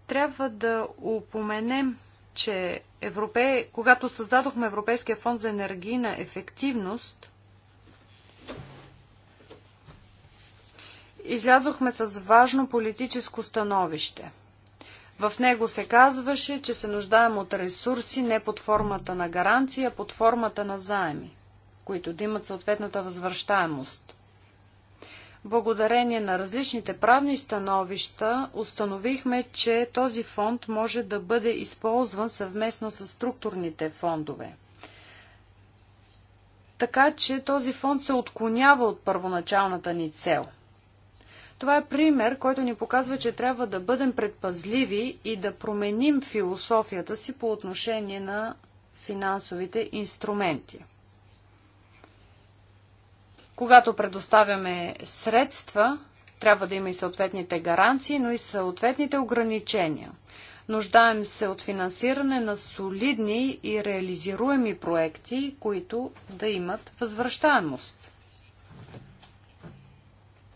трябва да упоменем, че Европе... когато създадохме Европейския фонд за енергийна ефективност – излязохме с важно политическо становище. В него се казваше, че се нуждаем от ресурси не под формата на гаранция, а под формата на заеми, които да имат съответната възвръщаемост. Благодарение на различните правни становища установихме, че този фонд може да бъде използван съвместно с структурните фондове. Така че този фонд се отклонява от първоначалната ни цел – това е пример, който ни показва, че трябва да бъдем предпазливи и да променим философията си по отношение на финансовите инструменти. Когато предоставяме средства, трябва да има и съответните гаранции, но и съответните ограничения. Нуждаем се от финансиране на солидни и реализируеми проекти, които да имат възвръщаемост.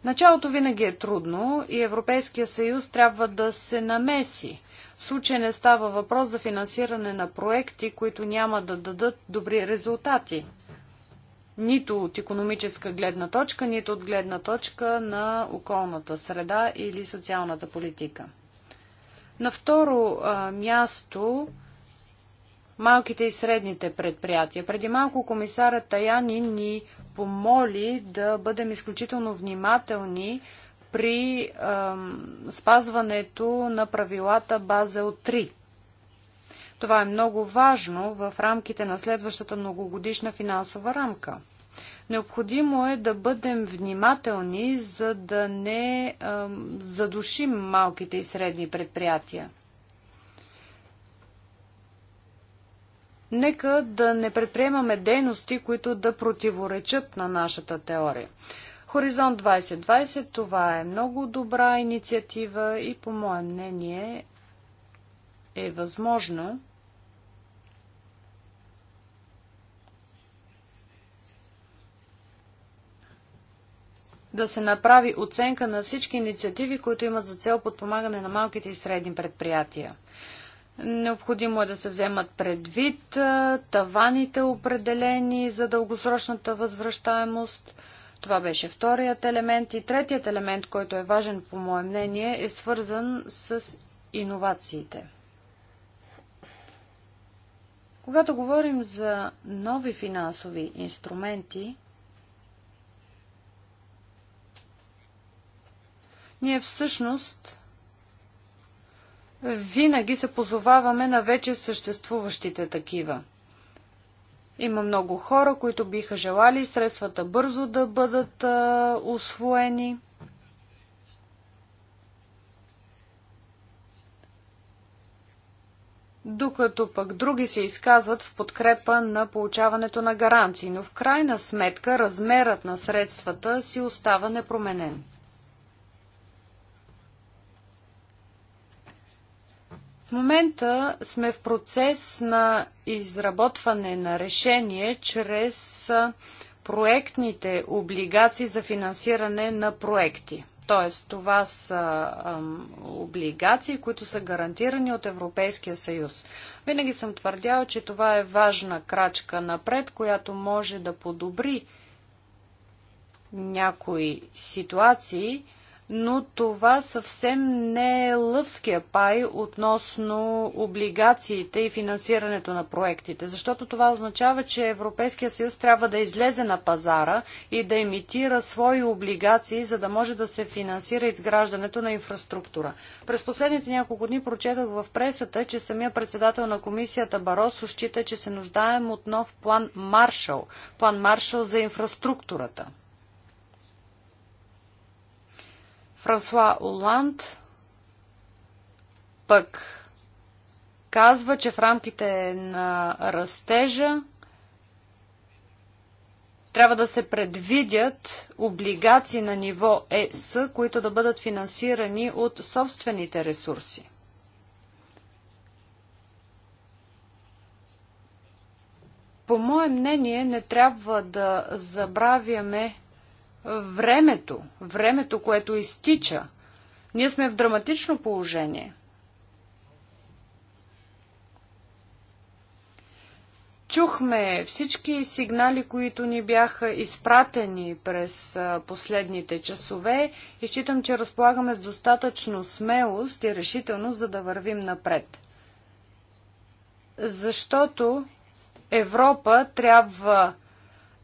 Началото винаги е трудно и Европейския съюз трябва да се намеси. В случай не става въпрос за финансиране на проекти, които няма да дадат добри резултати. Нито от економическа гледна точка, нито от гледна точка на околната среда или социалната политика. На второ а, място малките и средните предприятия. Преди малко комисарът Таяни ни помоли да бъдем изключително внимателни при е, спазването на правилата Базел 3. Това е много важно в рамките на следващата многогодишна финансова рамка. Необходимо е да бъдем внимателни, за да не е, задушим малките и средни предприятия. Нека да не предприемаме дейности, които да противоречат на нашата теория. Хоризонт 2020 това е много добра инициатива и по мое мнение е възможно да се направи оценка на всички инициативи, които имат за цел подпомагане на малките и средни предприятия. Необходимо е да се вземат предвид таваните определени за дългосрочната възвръщаемост. Това беше вторият елемент. И третият елемент, който е важен по мое мнение, е свързан с иновациите. Когато говорим за нови финансови инструменти, ние всъщност винаги се позоваваме на вече съществуващите такива. Има много хора, които биха желали средствата бързо да бъдат а, освоени. Докато пък други се изказват в подкрепа на получаването на гаранции, но в крайна сметка размерът на средствата си остава непроменен. В момента сме в процес на изработване на решение чрез проектните облигации за финансиране на проекти. Тоест, това са ам, облигации, които са гарантирани от Европейския съюз. Винаги съм твърдял, че това е важна крачка напред, която може да подобри някои ситуации, но това съвсем не е лъвския пай относно облигациите и финансирането на проектите, защото това означава, че Европейския съюз трябва да излезе на пазара и да емитира свои облигации, за да може да се финансира изграждането на инфраструктура. През последните няколко дни прочетах в пресата, че самия председател на комисията Баросо счита, че се нуждаем от нов план Маршал, план Маршал за инфраструктурата. Франсуа Оланд пък казва, че в рамките на растежа трябва да се предвидят облигации на ниво ЕС, които да бъдат финансирани от собствените ресурси. По мое мнение, не трябва да забравяме времето, времето, което изтича. Ние сме в драматично положение. Чухме всички сигнали, които ни бяха изпратени през последните часове и считам, че разполагаме с достатъчно смелост и решителност, за да вървим напред. Защото Европа трябва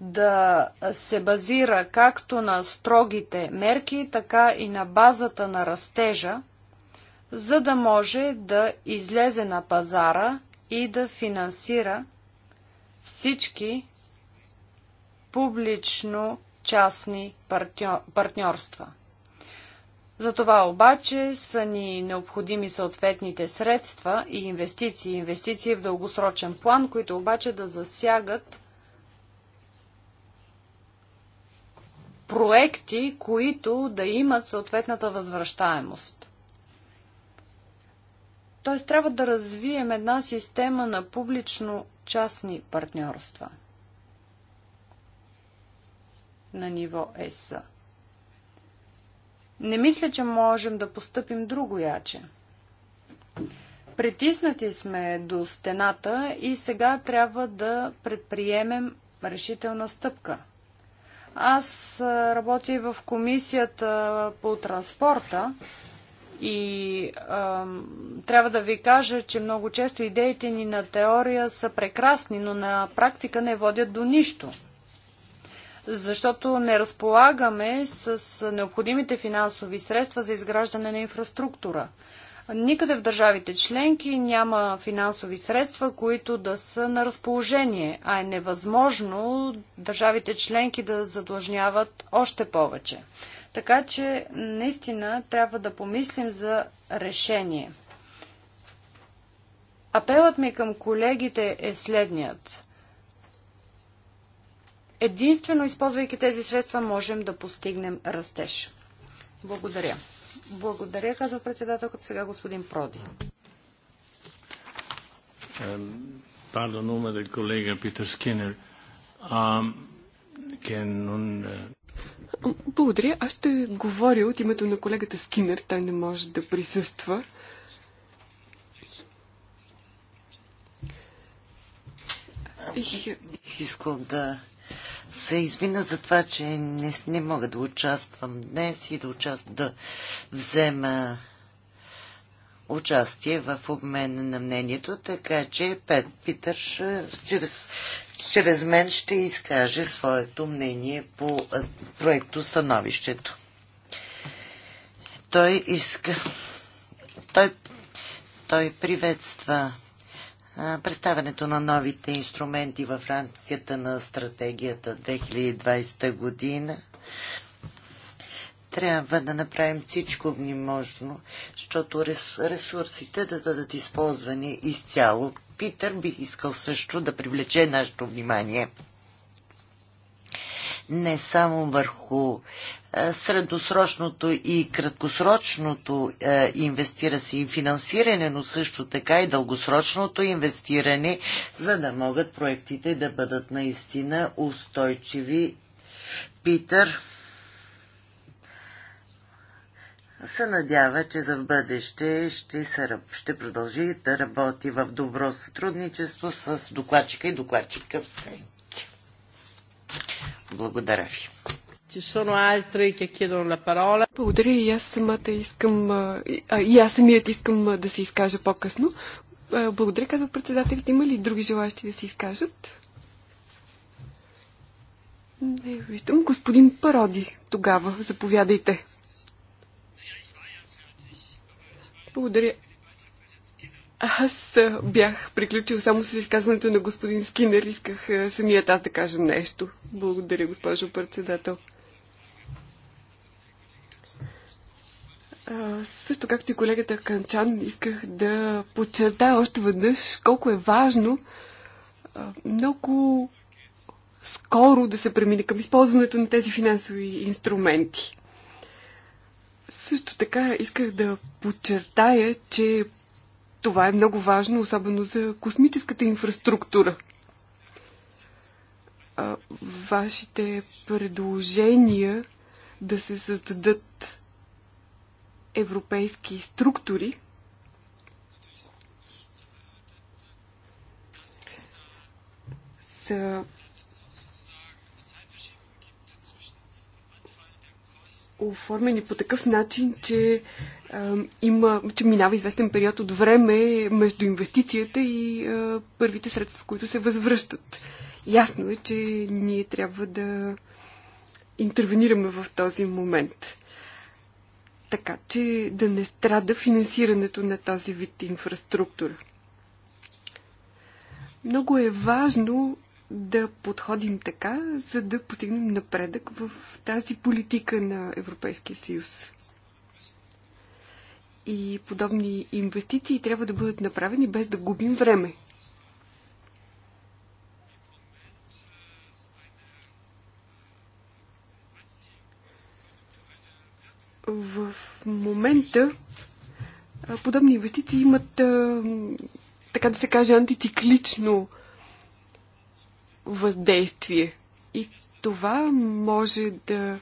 да се базира както на строгите мерки, така и на базата на растежа, за да може да излезе на пазара и да финансира всички публично-частни партньорства. За това обаче са ни необходими съответните средства и инвестиции. Инвестиции в дългосрочен план, които обаче да засягат проекти, които да имат съответната възвръщаемост. Тоест трябва да развием една система на публично-частни партньорства на ниво ЕС. Не мисля, че можем да постъпим друго яче. Притиснати сме до стената и сега трябва да предприемем решителна стъпка – аз работя и в комисията по транспорта и а, трябва да ви кажа, че много често идеите ни на теория са прекрасни, но на практика не водят до нищо. Защото не разполагаме с необходимите финансови средства за изграждане на инфраструктура. Никъде в държавите членки няма финансови средства, които да са на разположение, а е невъзможно държавите членки да задлъжняват още повече. Така че наистина трябва да помислим за решение. Апелът ми към колегите е следният. Единствено използвайки тези средства можем да постигнем растеж. Благодаря. Благодаря, казва председателката. Сега господин Проди. Pardon, нума да колега Peter Скинер. Е. Благодаря. Аз ще говоря от името на колегата Скинер. Той не може да присъства. Бих искал да се извина за това, че не, не мога да участвам днес и да, участ, да взема участие в обмен на мнението, така че Пет Питър чрез, чрез мен ще изкаже своето мнение по проекто становището. Той иска. Той, той приветства представянето на новите инструменти в рамките на стратегията 2020 година трябва да направим всичко внимможно, защото ресурсите да бъдат използвани изцяло. Питър бих искал също да привлече нашето внимание не само върху е, средносрочното и краткосрочното е, инвестира се и финансиране, но също така и дългосрочното инвестиране, за да могат проектите да бъдат наистина устойчиви. Питър се надява, че за в бъдеще ще, се, ще продължи да работи в добро сътрудничество с докладчика и докладчика в Сенки. Благодаря ви. Благодаря и аз самата искам, а, и аз самият искам да се изкажа по-късно. Благодаря, казва председателите. Има ли други желащи да се изкажат? Не виждам. Господин Пароди, тогава заповядайте. Благодаря. Аз бях приключил само с изказването на господин Скинер. Исках самият аз да кажа нещо. Благодаря, госпожо председател. А, също както и колегата Канчан, исках да подчертая още веднъж колко е важно а, много скоро да се премине към използването на тези финансови инструменти. Също така исках да подчертая, че това е много важно, особено за космическата инфраструктура. А, вашите предложения да се създадат европейски структури, са оформени по такъв начин, че, е, има, че минава известен период от време между инвестицията и е, първите средства, които се възвръщат. Ясно е, че ние трябва да интервенираме в този момент така че да не страда финансирането на този вид инфраструктура. Много е важно да подходим така, за да постигнем напредък в тази политика на Европейския съюз. И подобни инвестиции трябва да бъдат направени без да губим време. В момента подобни инвестиции имат, така да се каже, антициклично въздействие. И това може да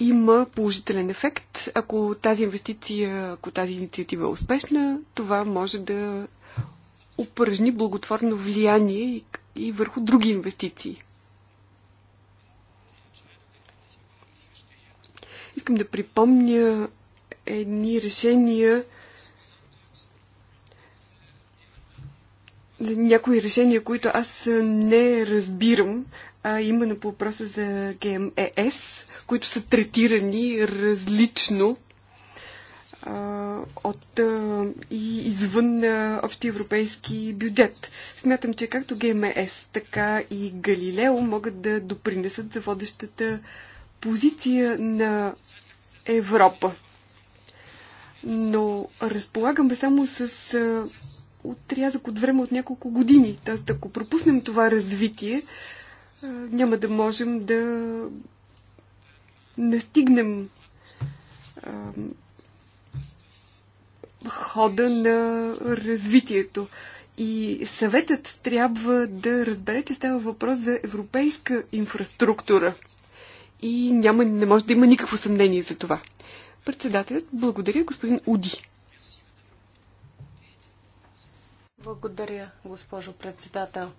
има положителен ефект. Ако тази инвестиция, ако тази инициатива е успешна, това може да упражни благотворно влияние и, върху други инвестиции. Искам да припомня едни решения, някои решения, които аз не разбирам, а именно по въпроса за ГМЕС, които са третирани различно а, от а, и извън а, общия европейски бюджет. Смятам, че както ГМС, е така и Галилео могат да допринесат за водещата позиция на Европа. Но разполагаме само с отрязък от време от няколко години. Тоест, ако пропуснем това развитие, няма да можем да настигнем хода на развитието. И съветът трябва да разбере, че става въпрос за европейска инфраструктура и няма, не може да има никакво съмнение за това. Председателят, благодаря, господин Уди. Благодаря, госпожо председател.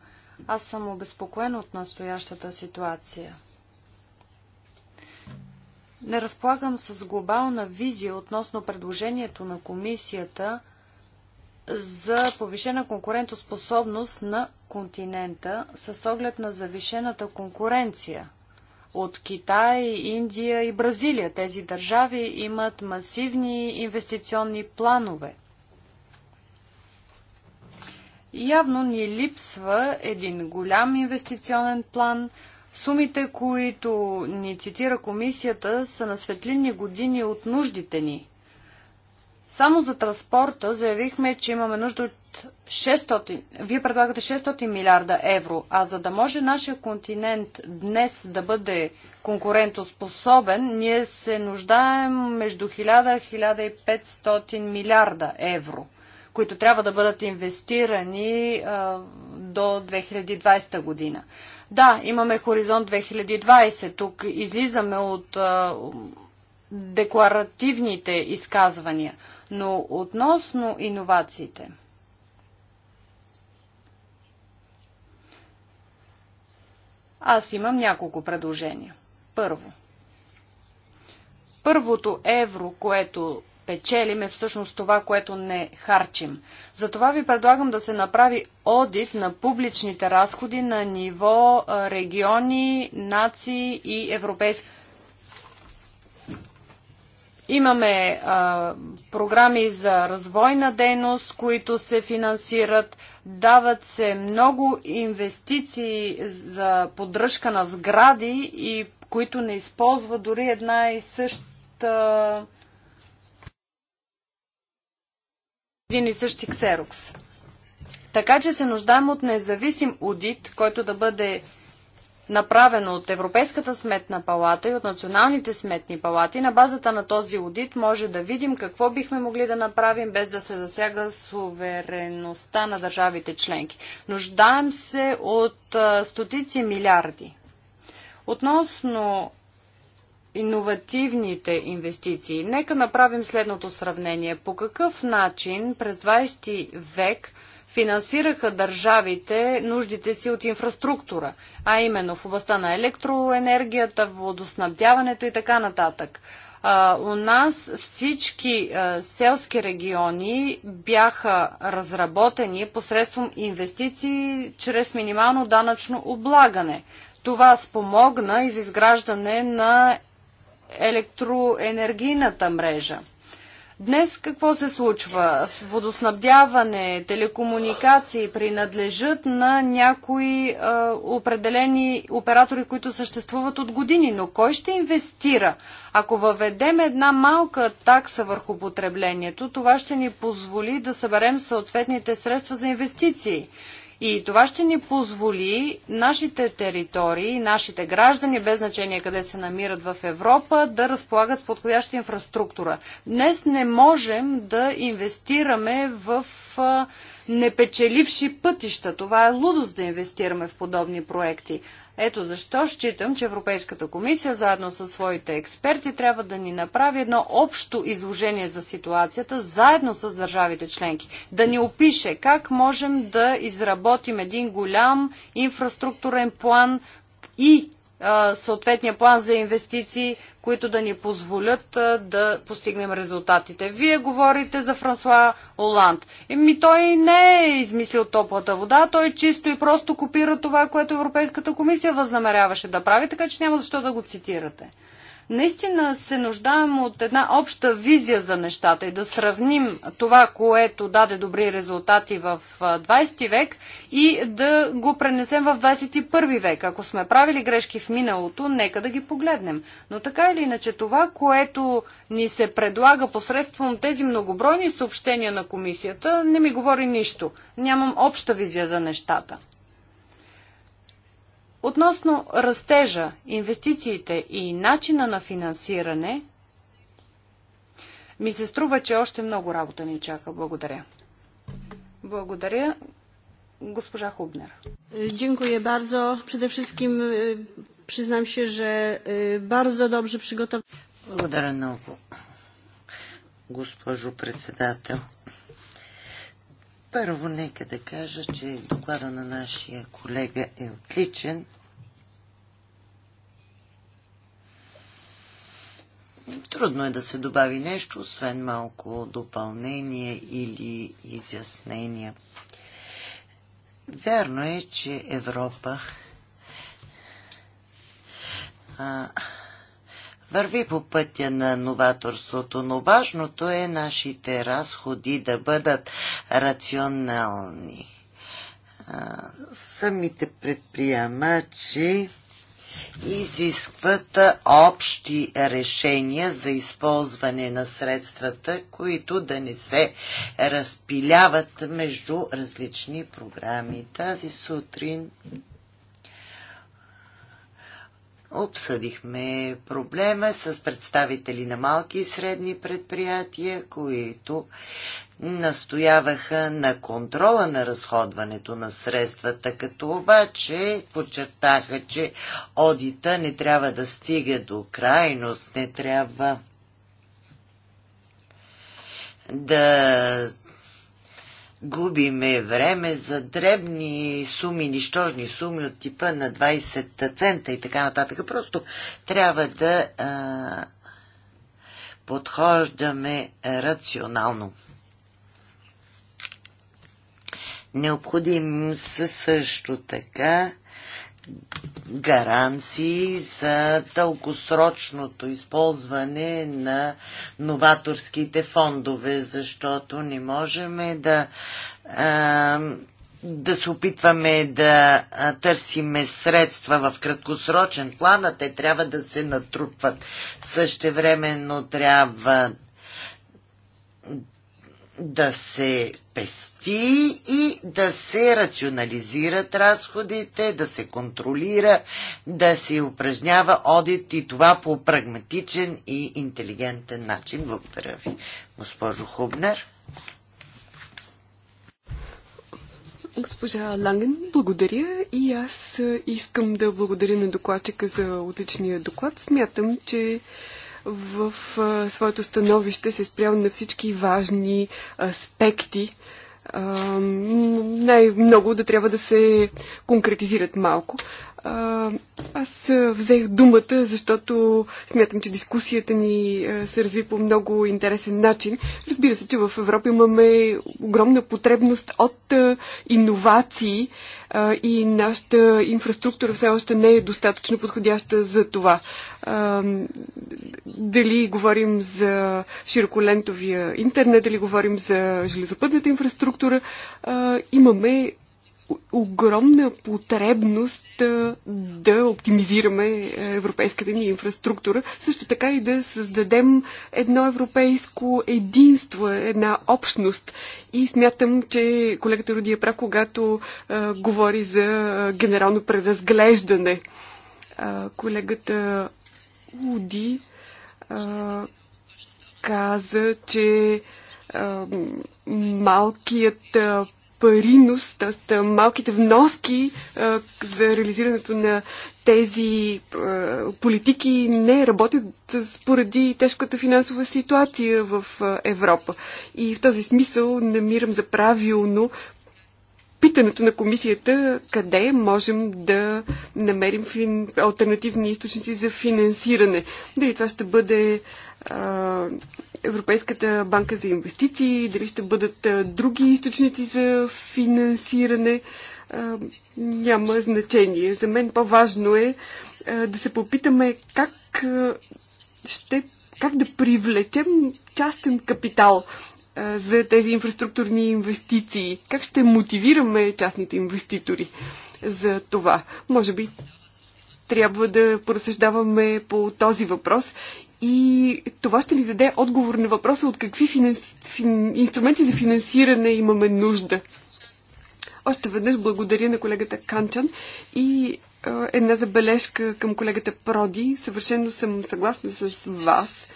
Аз съм обезпокоен от настоящата ситуация. Не разполагам с глобална визия относно предложението на комисията за повишена конкурентоспособност на континента с оглед на завишената конкуренция – от Китай, Индия и Бразилия. Тези държави имат масивни инвестиционни планове. Явно ни липсва един голям инвестиционен план. Сумите, които ни цитира комисията, са на светлини години от нуждите ни. Само за транспорта заявихме, че имаме нужда от 600, вие предлагате 600 милиарда евро, а за да може нашия континент днес да бъде конкурентоспособен, ние се нуждаем между 1000 и 1500 милиарда евро, които трябва да бъдат инвестирани а, до 2020 година. Да, имаме хоризонт 2020, тук излизаме от а, декларативните изказвания – но относно иновациите, аз имам няколко предложения. Първо. Първото евро, което печелим е всъщност това, което не харчим. Затова ви предлагам да се направи одит на публичните разходи на ниво региони, нации и европейски Имаме а, програми за развойна дейност, които се финансират. Дават се много инвестиции за поддръжка на сгради и които не използва дори една и съща един и същи ксерокс. Така че се нуждаем от независим аудит, който да бъде направено от Европейската сметна палата и от националните сметни палати. На базата на този аудит може да видим какво бихме могли да направим без да се засяга сувереността на държавите членки. Нуждаем се от стотици милиарди. Относно иновативните инвестиции, нека направим следното сравнение. По какъв начин през 20 век – финансираха държавите нуждите си от инфраструктура, а именно в областта на електроенергията, водоснабдяването и така нататък. А, у нас всички а, селски региони бяха разработени посредством инвестиции чрез минимално данъчно облагане. Това спомогна и за изграждане на електроенергийната мрежа. Днес какво се случва? Водоснабдяване, телекомуникации принадлежат на някои а, определени оператори, които съществуват от години, но кой ще инвестира? Ако въведем една малка такса върху потреблението, това ще ни позволи да съберем съответните средства за инвестиции. И това ще ни позволи нашите територии, нашите граждани, без значение къде се намират в Европа, да разполагат с подходяща инфраструктура. Днес не можем да инвестираме в непечеливши пътища. Това е лудост да инвестираме в подобни проекти. Ето защо считам, че Европейската комисия заедно със своите експерти трябва да ни направи едно общо изложение за ситуацията заедно с държавите членки. Да ни опише как можем да изработим един голям инфраструктурен план и съответния план за инвестиции, които да ни позволят да постигнем резултатите. Вие говорите за Франсуа Оланд. Еми той не е измислил топлата вода, той чисто и просто копира това, което Европейската комисия възнамеряваше да прави, така че няма защо да го цитирате. Наистина се нуждаем от една обща визия за нещата и да сравним това, което даде добри резултати в 20 век и да го пренесем в 21 век. Ако сме правили грешки в миналото, нека да ги погледнем. Но така или иначе, това, което ни се предлага посредством тези многобройни съобщения на комисията, не ми говори нищо. Нямам обща визия за нещата. Относно растежа, инвестициите и начина на финансиране, ми се струва, че още много работа ни чака. Благодаря. Благодаря. Госпожа Хубнер. Дякую bardzo. Преди wszystkim признам се, че bardzo добре przygotowałam. Благодаря много, госпожо председател. Първо, нека да кажа, че доклада на нашия колега е отличен. Трудно е да се добави нещо, освен малко допълнение или изяснение. Вярно е, че Европа а, върви по пътя на новаторството, но важното е нашите разходи да бъдат рационални. А, самите предприемачи изискват общи решения за използване на средствата, които да не се разпиляват между различни програми. Тази сутрин Обсъдихме проблема с представители на малки и средни предприятия, които настояваха на контрола на разходването на средствата, като обаче подчертаха, че одита не трябва да стига до крайност, не трябва да губиме време за дребни суми, нищожни суми от типа на 20 цента и така нататък. Просто трябва да а, подхождаме рационално. Необходим са също така гаранции за дългосрочното използване на новаторските фондове, защото не можем да, да се опитваме да търсиме средства в краткосрочен план, а те трябва да се натрупват. Същевременно трябва да се пести и да се рационализират разходите, да се контролира, да се упражнява одит и това по прагматичен и интелигентен начин. Благодаря ви, госпожо Хубнер. Госпожа Ланген, благодаря и аз искам да благодаря на докладчика за отличния доклад. Смятам, че в а, своето становище се е спрял на всички важни аспекти. най-много да трябва да се конкретизират малко. Аз взех думата, защото смятам, че дискусията ни се разви по много интересен начин. Разбира се, че в Европа имаме огромна потребност от иновации и нашата инфраструктура все още не е достатъчно подходяща за това. Дали говорим за широколентовия интернет, дали говорим за железопътната инфраструктура, имаме огромна потребност да оптимизираме е, европейската ни инфраструктура, също така и да създадем едно европейско единство, една общност. И смятам, че колегата Роди е прав, когато а, говори за генерално преразглеждане. А, колегата Уди а, каза, че а, малкият а, паринос, т.е. малките вноски а, за реализирането на тези а, политики не работят поради тежката финансова ситуация в а, Европа. И в този смисъл намирам за правилно питането на комисията къде можем да намерим фин... альтернативни източници за финансиране. Дали това ще бъде Европейската банка за инвестиции, дали ще бъдат други източници за финансиране, няма значение. За мен по-важно е да се попитаме как ще как да привлечем частен капитал за тези инфраструктурни инвестиции? Как ще мотивираме частните инвеститори за това? Може би трябва да поразсъждаваме по този въпрос и това ще ни даде отговор на въпроса от какви финанс... фин... инструменти за финансиране имаме нужда. Още веднъж благодаря на колегата Канчан и е, една забележка към колегата Проди. Съвършено съм съгласна с вас.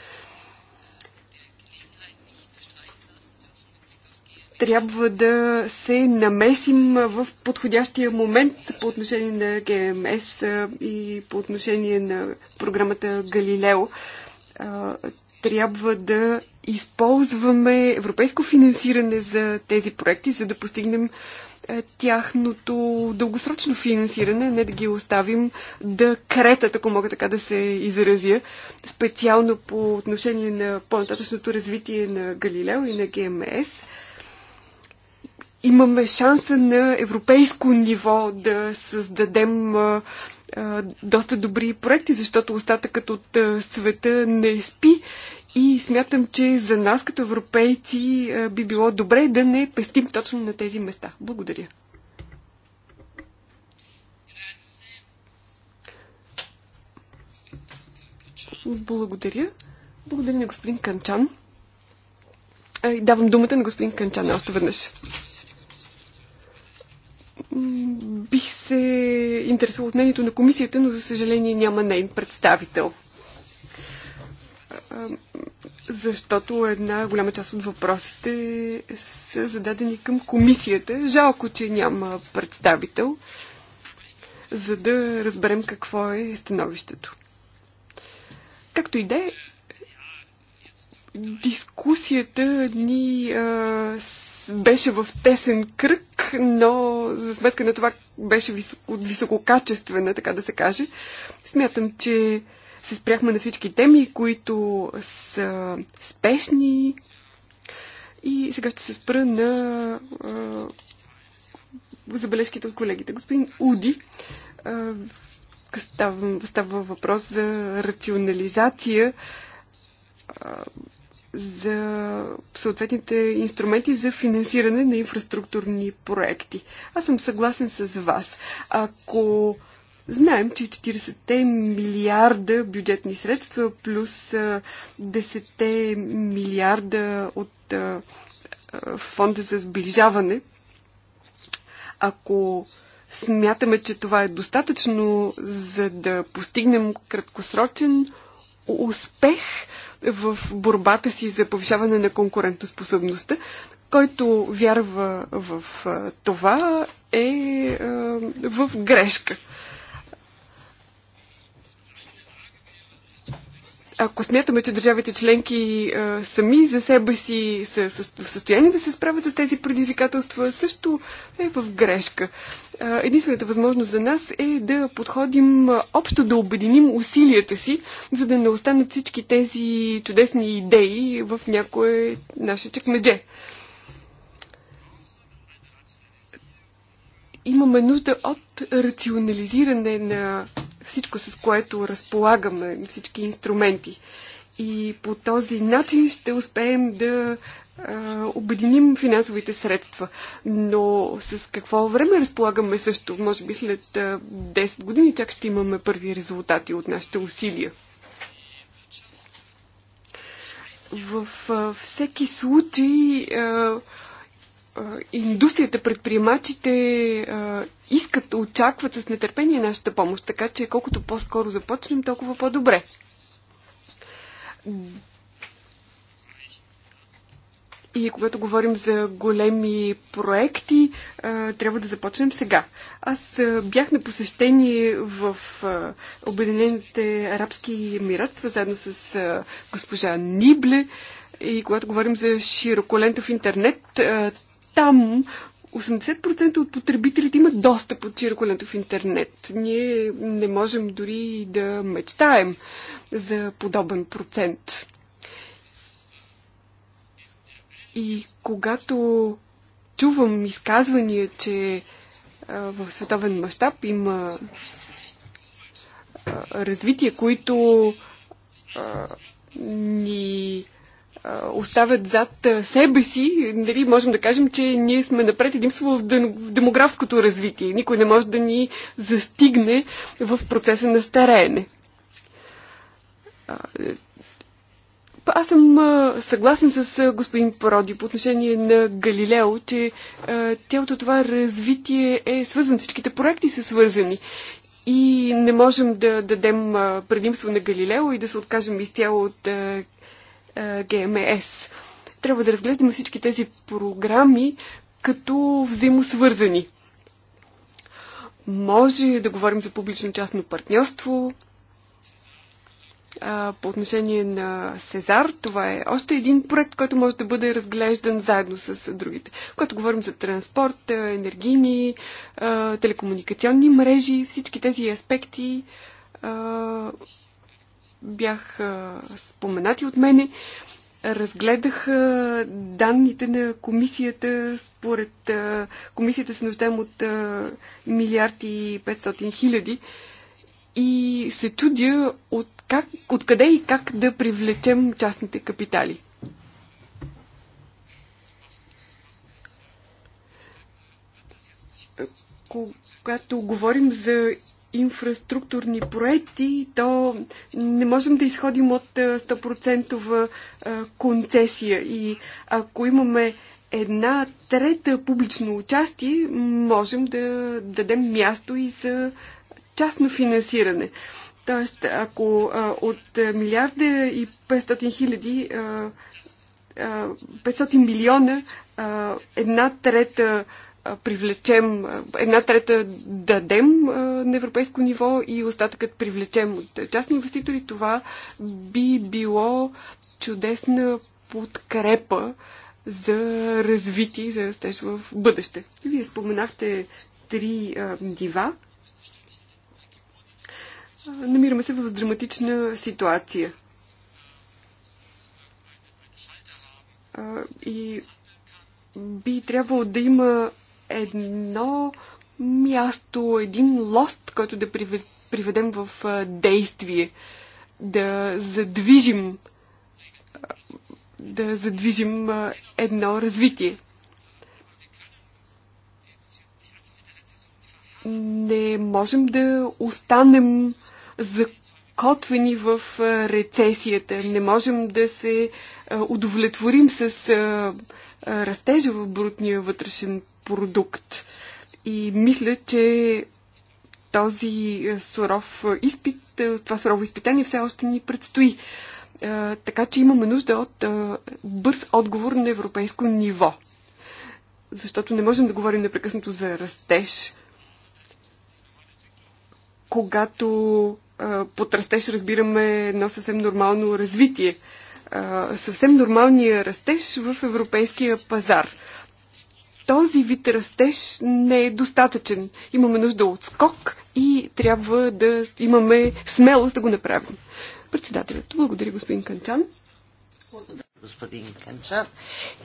Трябва да се намесим в подходящия момент по отношение на ГМС и по отношение на програмата Галилео трябва да използваме европейско финансиране за тези проекти, за да постигнем е, тяхното дългосрочно финансиране, не да ги оставим да кретат, ако мога така да се изразя, специално по отношение на по-нататъчното развитие на Галилео и на ГМС. Имаме шанса на европейско ниво да създадем е, доста добри проекти, защото остатъкът от света не спи и смятам, че за нас като европейци би било добре да не пестим точно на тези места. Благодаря. Благодаря. Благодаря на господин Канчан. Давам думата на господин Канчан още веднъж. интересува от мнението на комисията, но за съжаление няма нейн представител. Защото една голяма част от въпросите са зададени към комисията. Жалко, че няма представител, за да разберем какво е становището. Както и да е, дискусията ни а, беше в тесен кръг, но за сметка на това беше високо, висококачествена, така да се каже. Смятам, че се спряхме на всички теми, които са спешни. И сега ще се спра на а, забележките от колегите. Господин Уди, а, става, става въпрос за рационализация. А, за съответните инструменти за финансиране на инфраструктурни проекти. Аз съм съгласен с вас. Ако знаем, че 40-те милиарда бюджетни средства плюс 10-те милиарда от фонда за сближаване, ако смятаме, че това е достатъчно, за да постигнем краткосрочен успех в борбата си за повишаване на конкурентоспособността. Който вярва в това е в грешка. Ако смятаме, че държавите членки а, сами за себе си са в състояние да се справят с тези предизвикателства, също е в грешка. А, единствената възможност за нас е да подходим а, общо, да обединим усилията си, за да не останат всички тези чудесни идеи в някое наше чекмедже. имаме нужда от рационализиране на всичко, с което разполагаме, всички инструменти. И по този начин ще успеем да а, обединим финансовите средства. Но с какво време разполагаме също? Може би след а, 10 години чак ще имаме първи резултати от нашите усилия. В а, всеки случай. А, индустрията, предприемачите искат, очакват с нетърпение нашата помощ, така че колкото по-скоро започнем, толкова по-добре. И когато говорим за големи проекти, трябва да започнем сега. Аз бях на посещение в Обединените арабски емиратства, заедно с госпожа Нибле. И когато говорим за широколентов интернет, там 80% от потребителите имат достъп от широколентов в интернет. Ние не можем дори да мечтаем за подобен процент. И когато чувам изказвания, че в световен мащаб има развитие, които ни оставят зад себе си, нали, можем да кажем, че ние сме напред единство в демографското развитие. Никой не може да ни застигне в процеса на стареене. Е, аз съм съгласен с господин Пароди по отношение на Галилео, че цялото това развитие е свързано, всичките проекти са свързани. И не можем да дадем предимство на Галилео и да се откажем изцяло от е, ГМС. Трябва да разглеждаме всички тези програми като взаимосвързани. Може да говорим за публично-частно партньорство. Е, по отношение на Сезар, това е още един проект, който може да бъде разглеждан заедно с другите. Когато говорим за транспорт, е, енергийни, телекомуникационни мрежи, всички тези аспекти бях споменати от мене, разгледах данните на комисията. Според комисията се нуждаем от милиарди и 500 хиляди. И се чудя от, как, от къде и как да привлечем частните капитали. Когато говорим за инфраструктурни проекти, то не можем да изходим от 100% е, е, концесия. И ако имаме една трета публично участие, можем да дадем място и за частно финансиране. Тоест, ако е, от милиарда и 500 хиляди, 500 милиона, една трета привлечем, една трета дадем на европейско ниво и остатъкът привлечем от частни инвеститори, това би било чудесна подкрепа за развитие за растеж в бъдеще. Вие споменахте три а, дива. намираме се в драматична ситуация. А, и би трябвало да има едно място, един лост, който да приведем в действие, да задвижим да задвижим едно развитие. Не можем да останем закотвени в рецесията. Не можем да се удовлетворим с растежа в брутния вътрешен продукт. И мисля, че този суров изпит, това сурово изпитание все още ни предстои. Така че имаме нужда от бърз отговор на европейско ниво. Защото не можем да говорим непрекъснато за растеж, когато под растеж разбираме едно съвсем нормално развитие съвсем нормалния растеж в европейския пазар този вид растеж не е достатъчен. Имаме нужда от скок и трябва да имаме смелост да го направим. Председателят, благодаря господин Канчан. Благодаря, господин Канчан.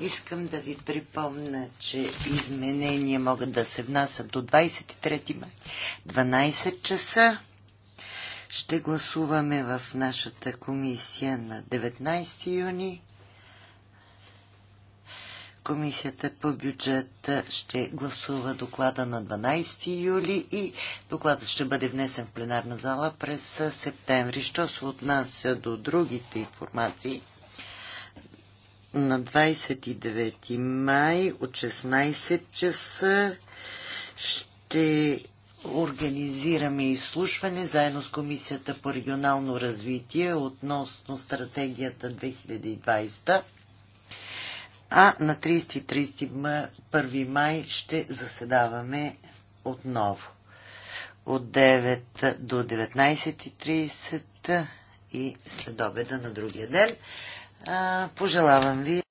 Искам да ви припомна, че изменения могат да се внасят до 23 май, 12 часа. Ще гласуваме в нашата комисия на 19 юни Комисията по бюджет ще гласува доклада на 12 юли и докладът ще бъде внесен в пленарна зала през септември. Що се отнася до другите информации, на 29 май от 16 часа ще организираме изслушване заедно с Комисията по регионално развитие относно стратегията 2020 а на 30 31 май ще заседаваме отново от 9 до 19.30 и след обеда на другия ден. Пожелавам ви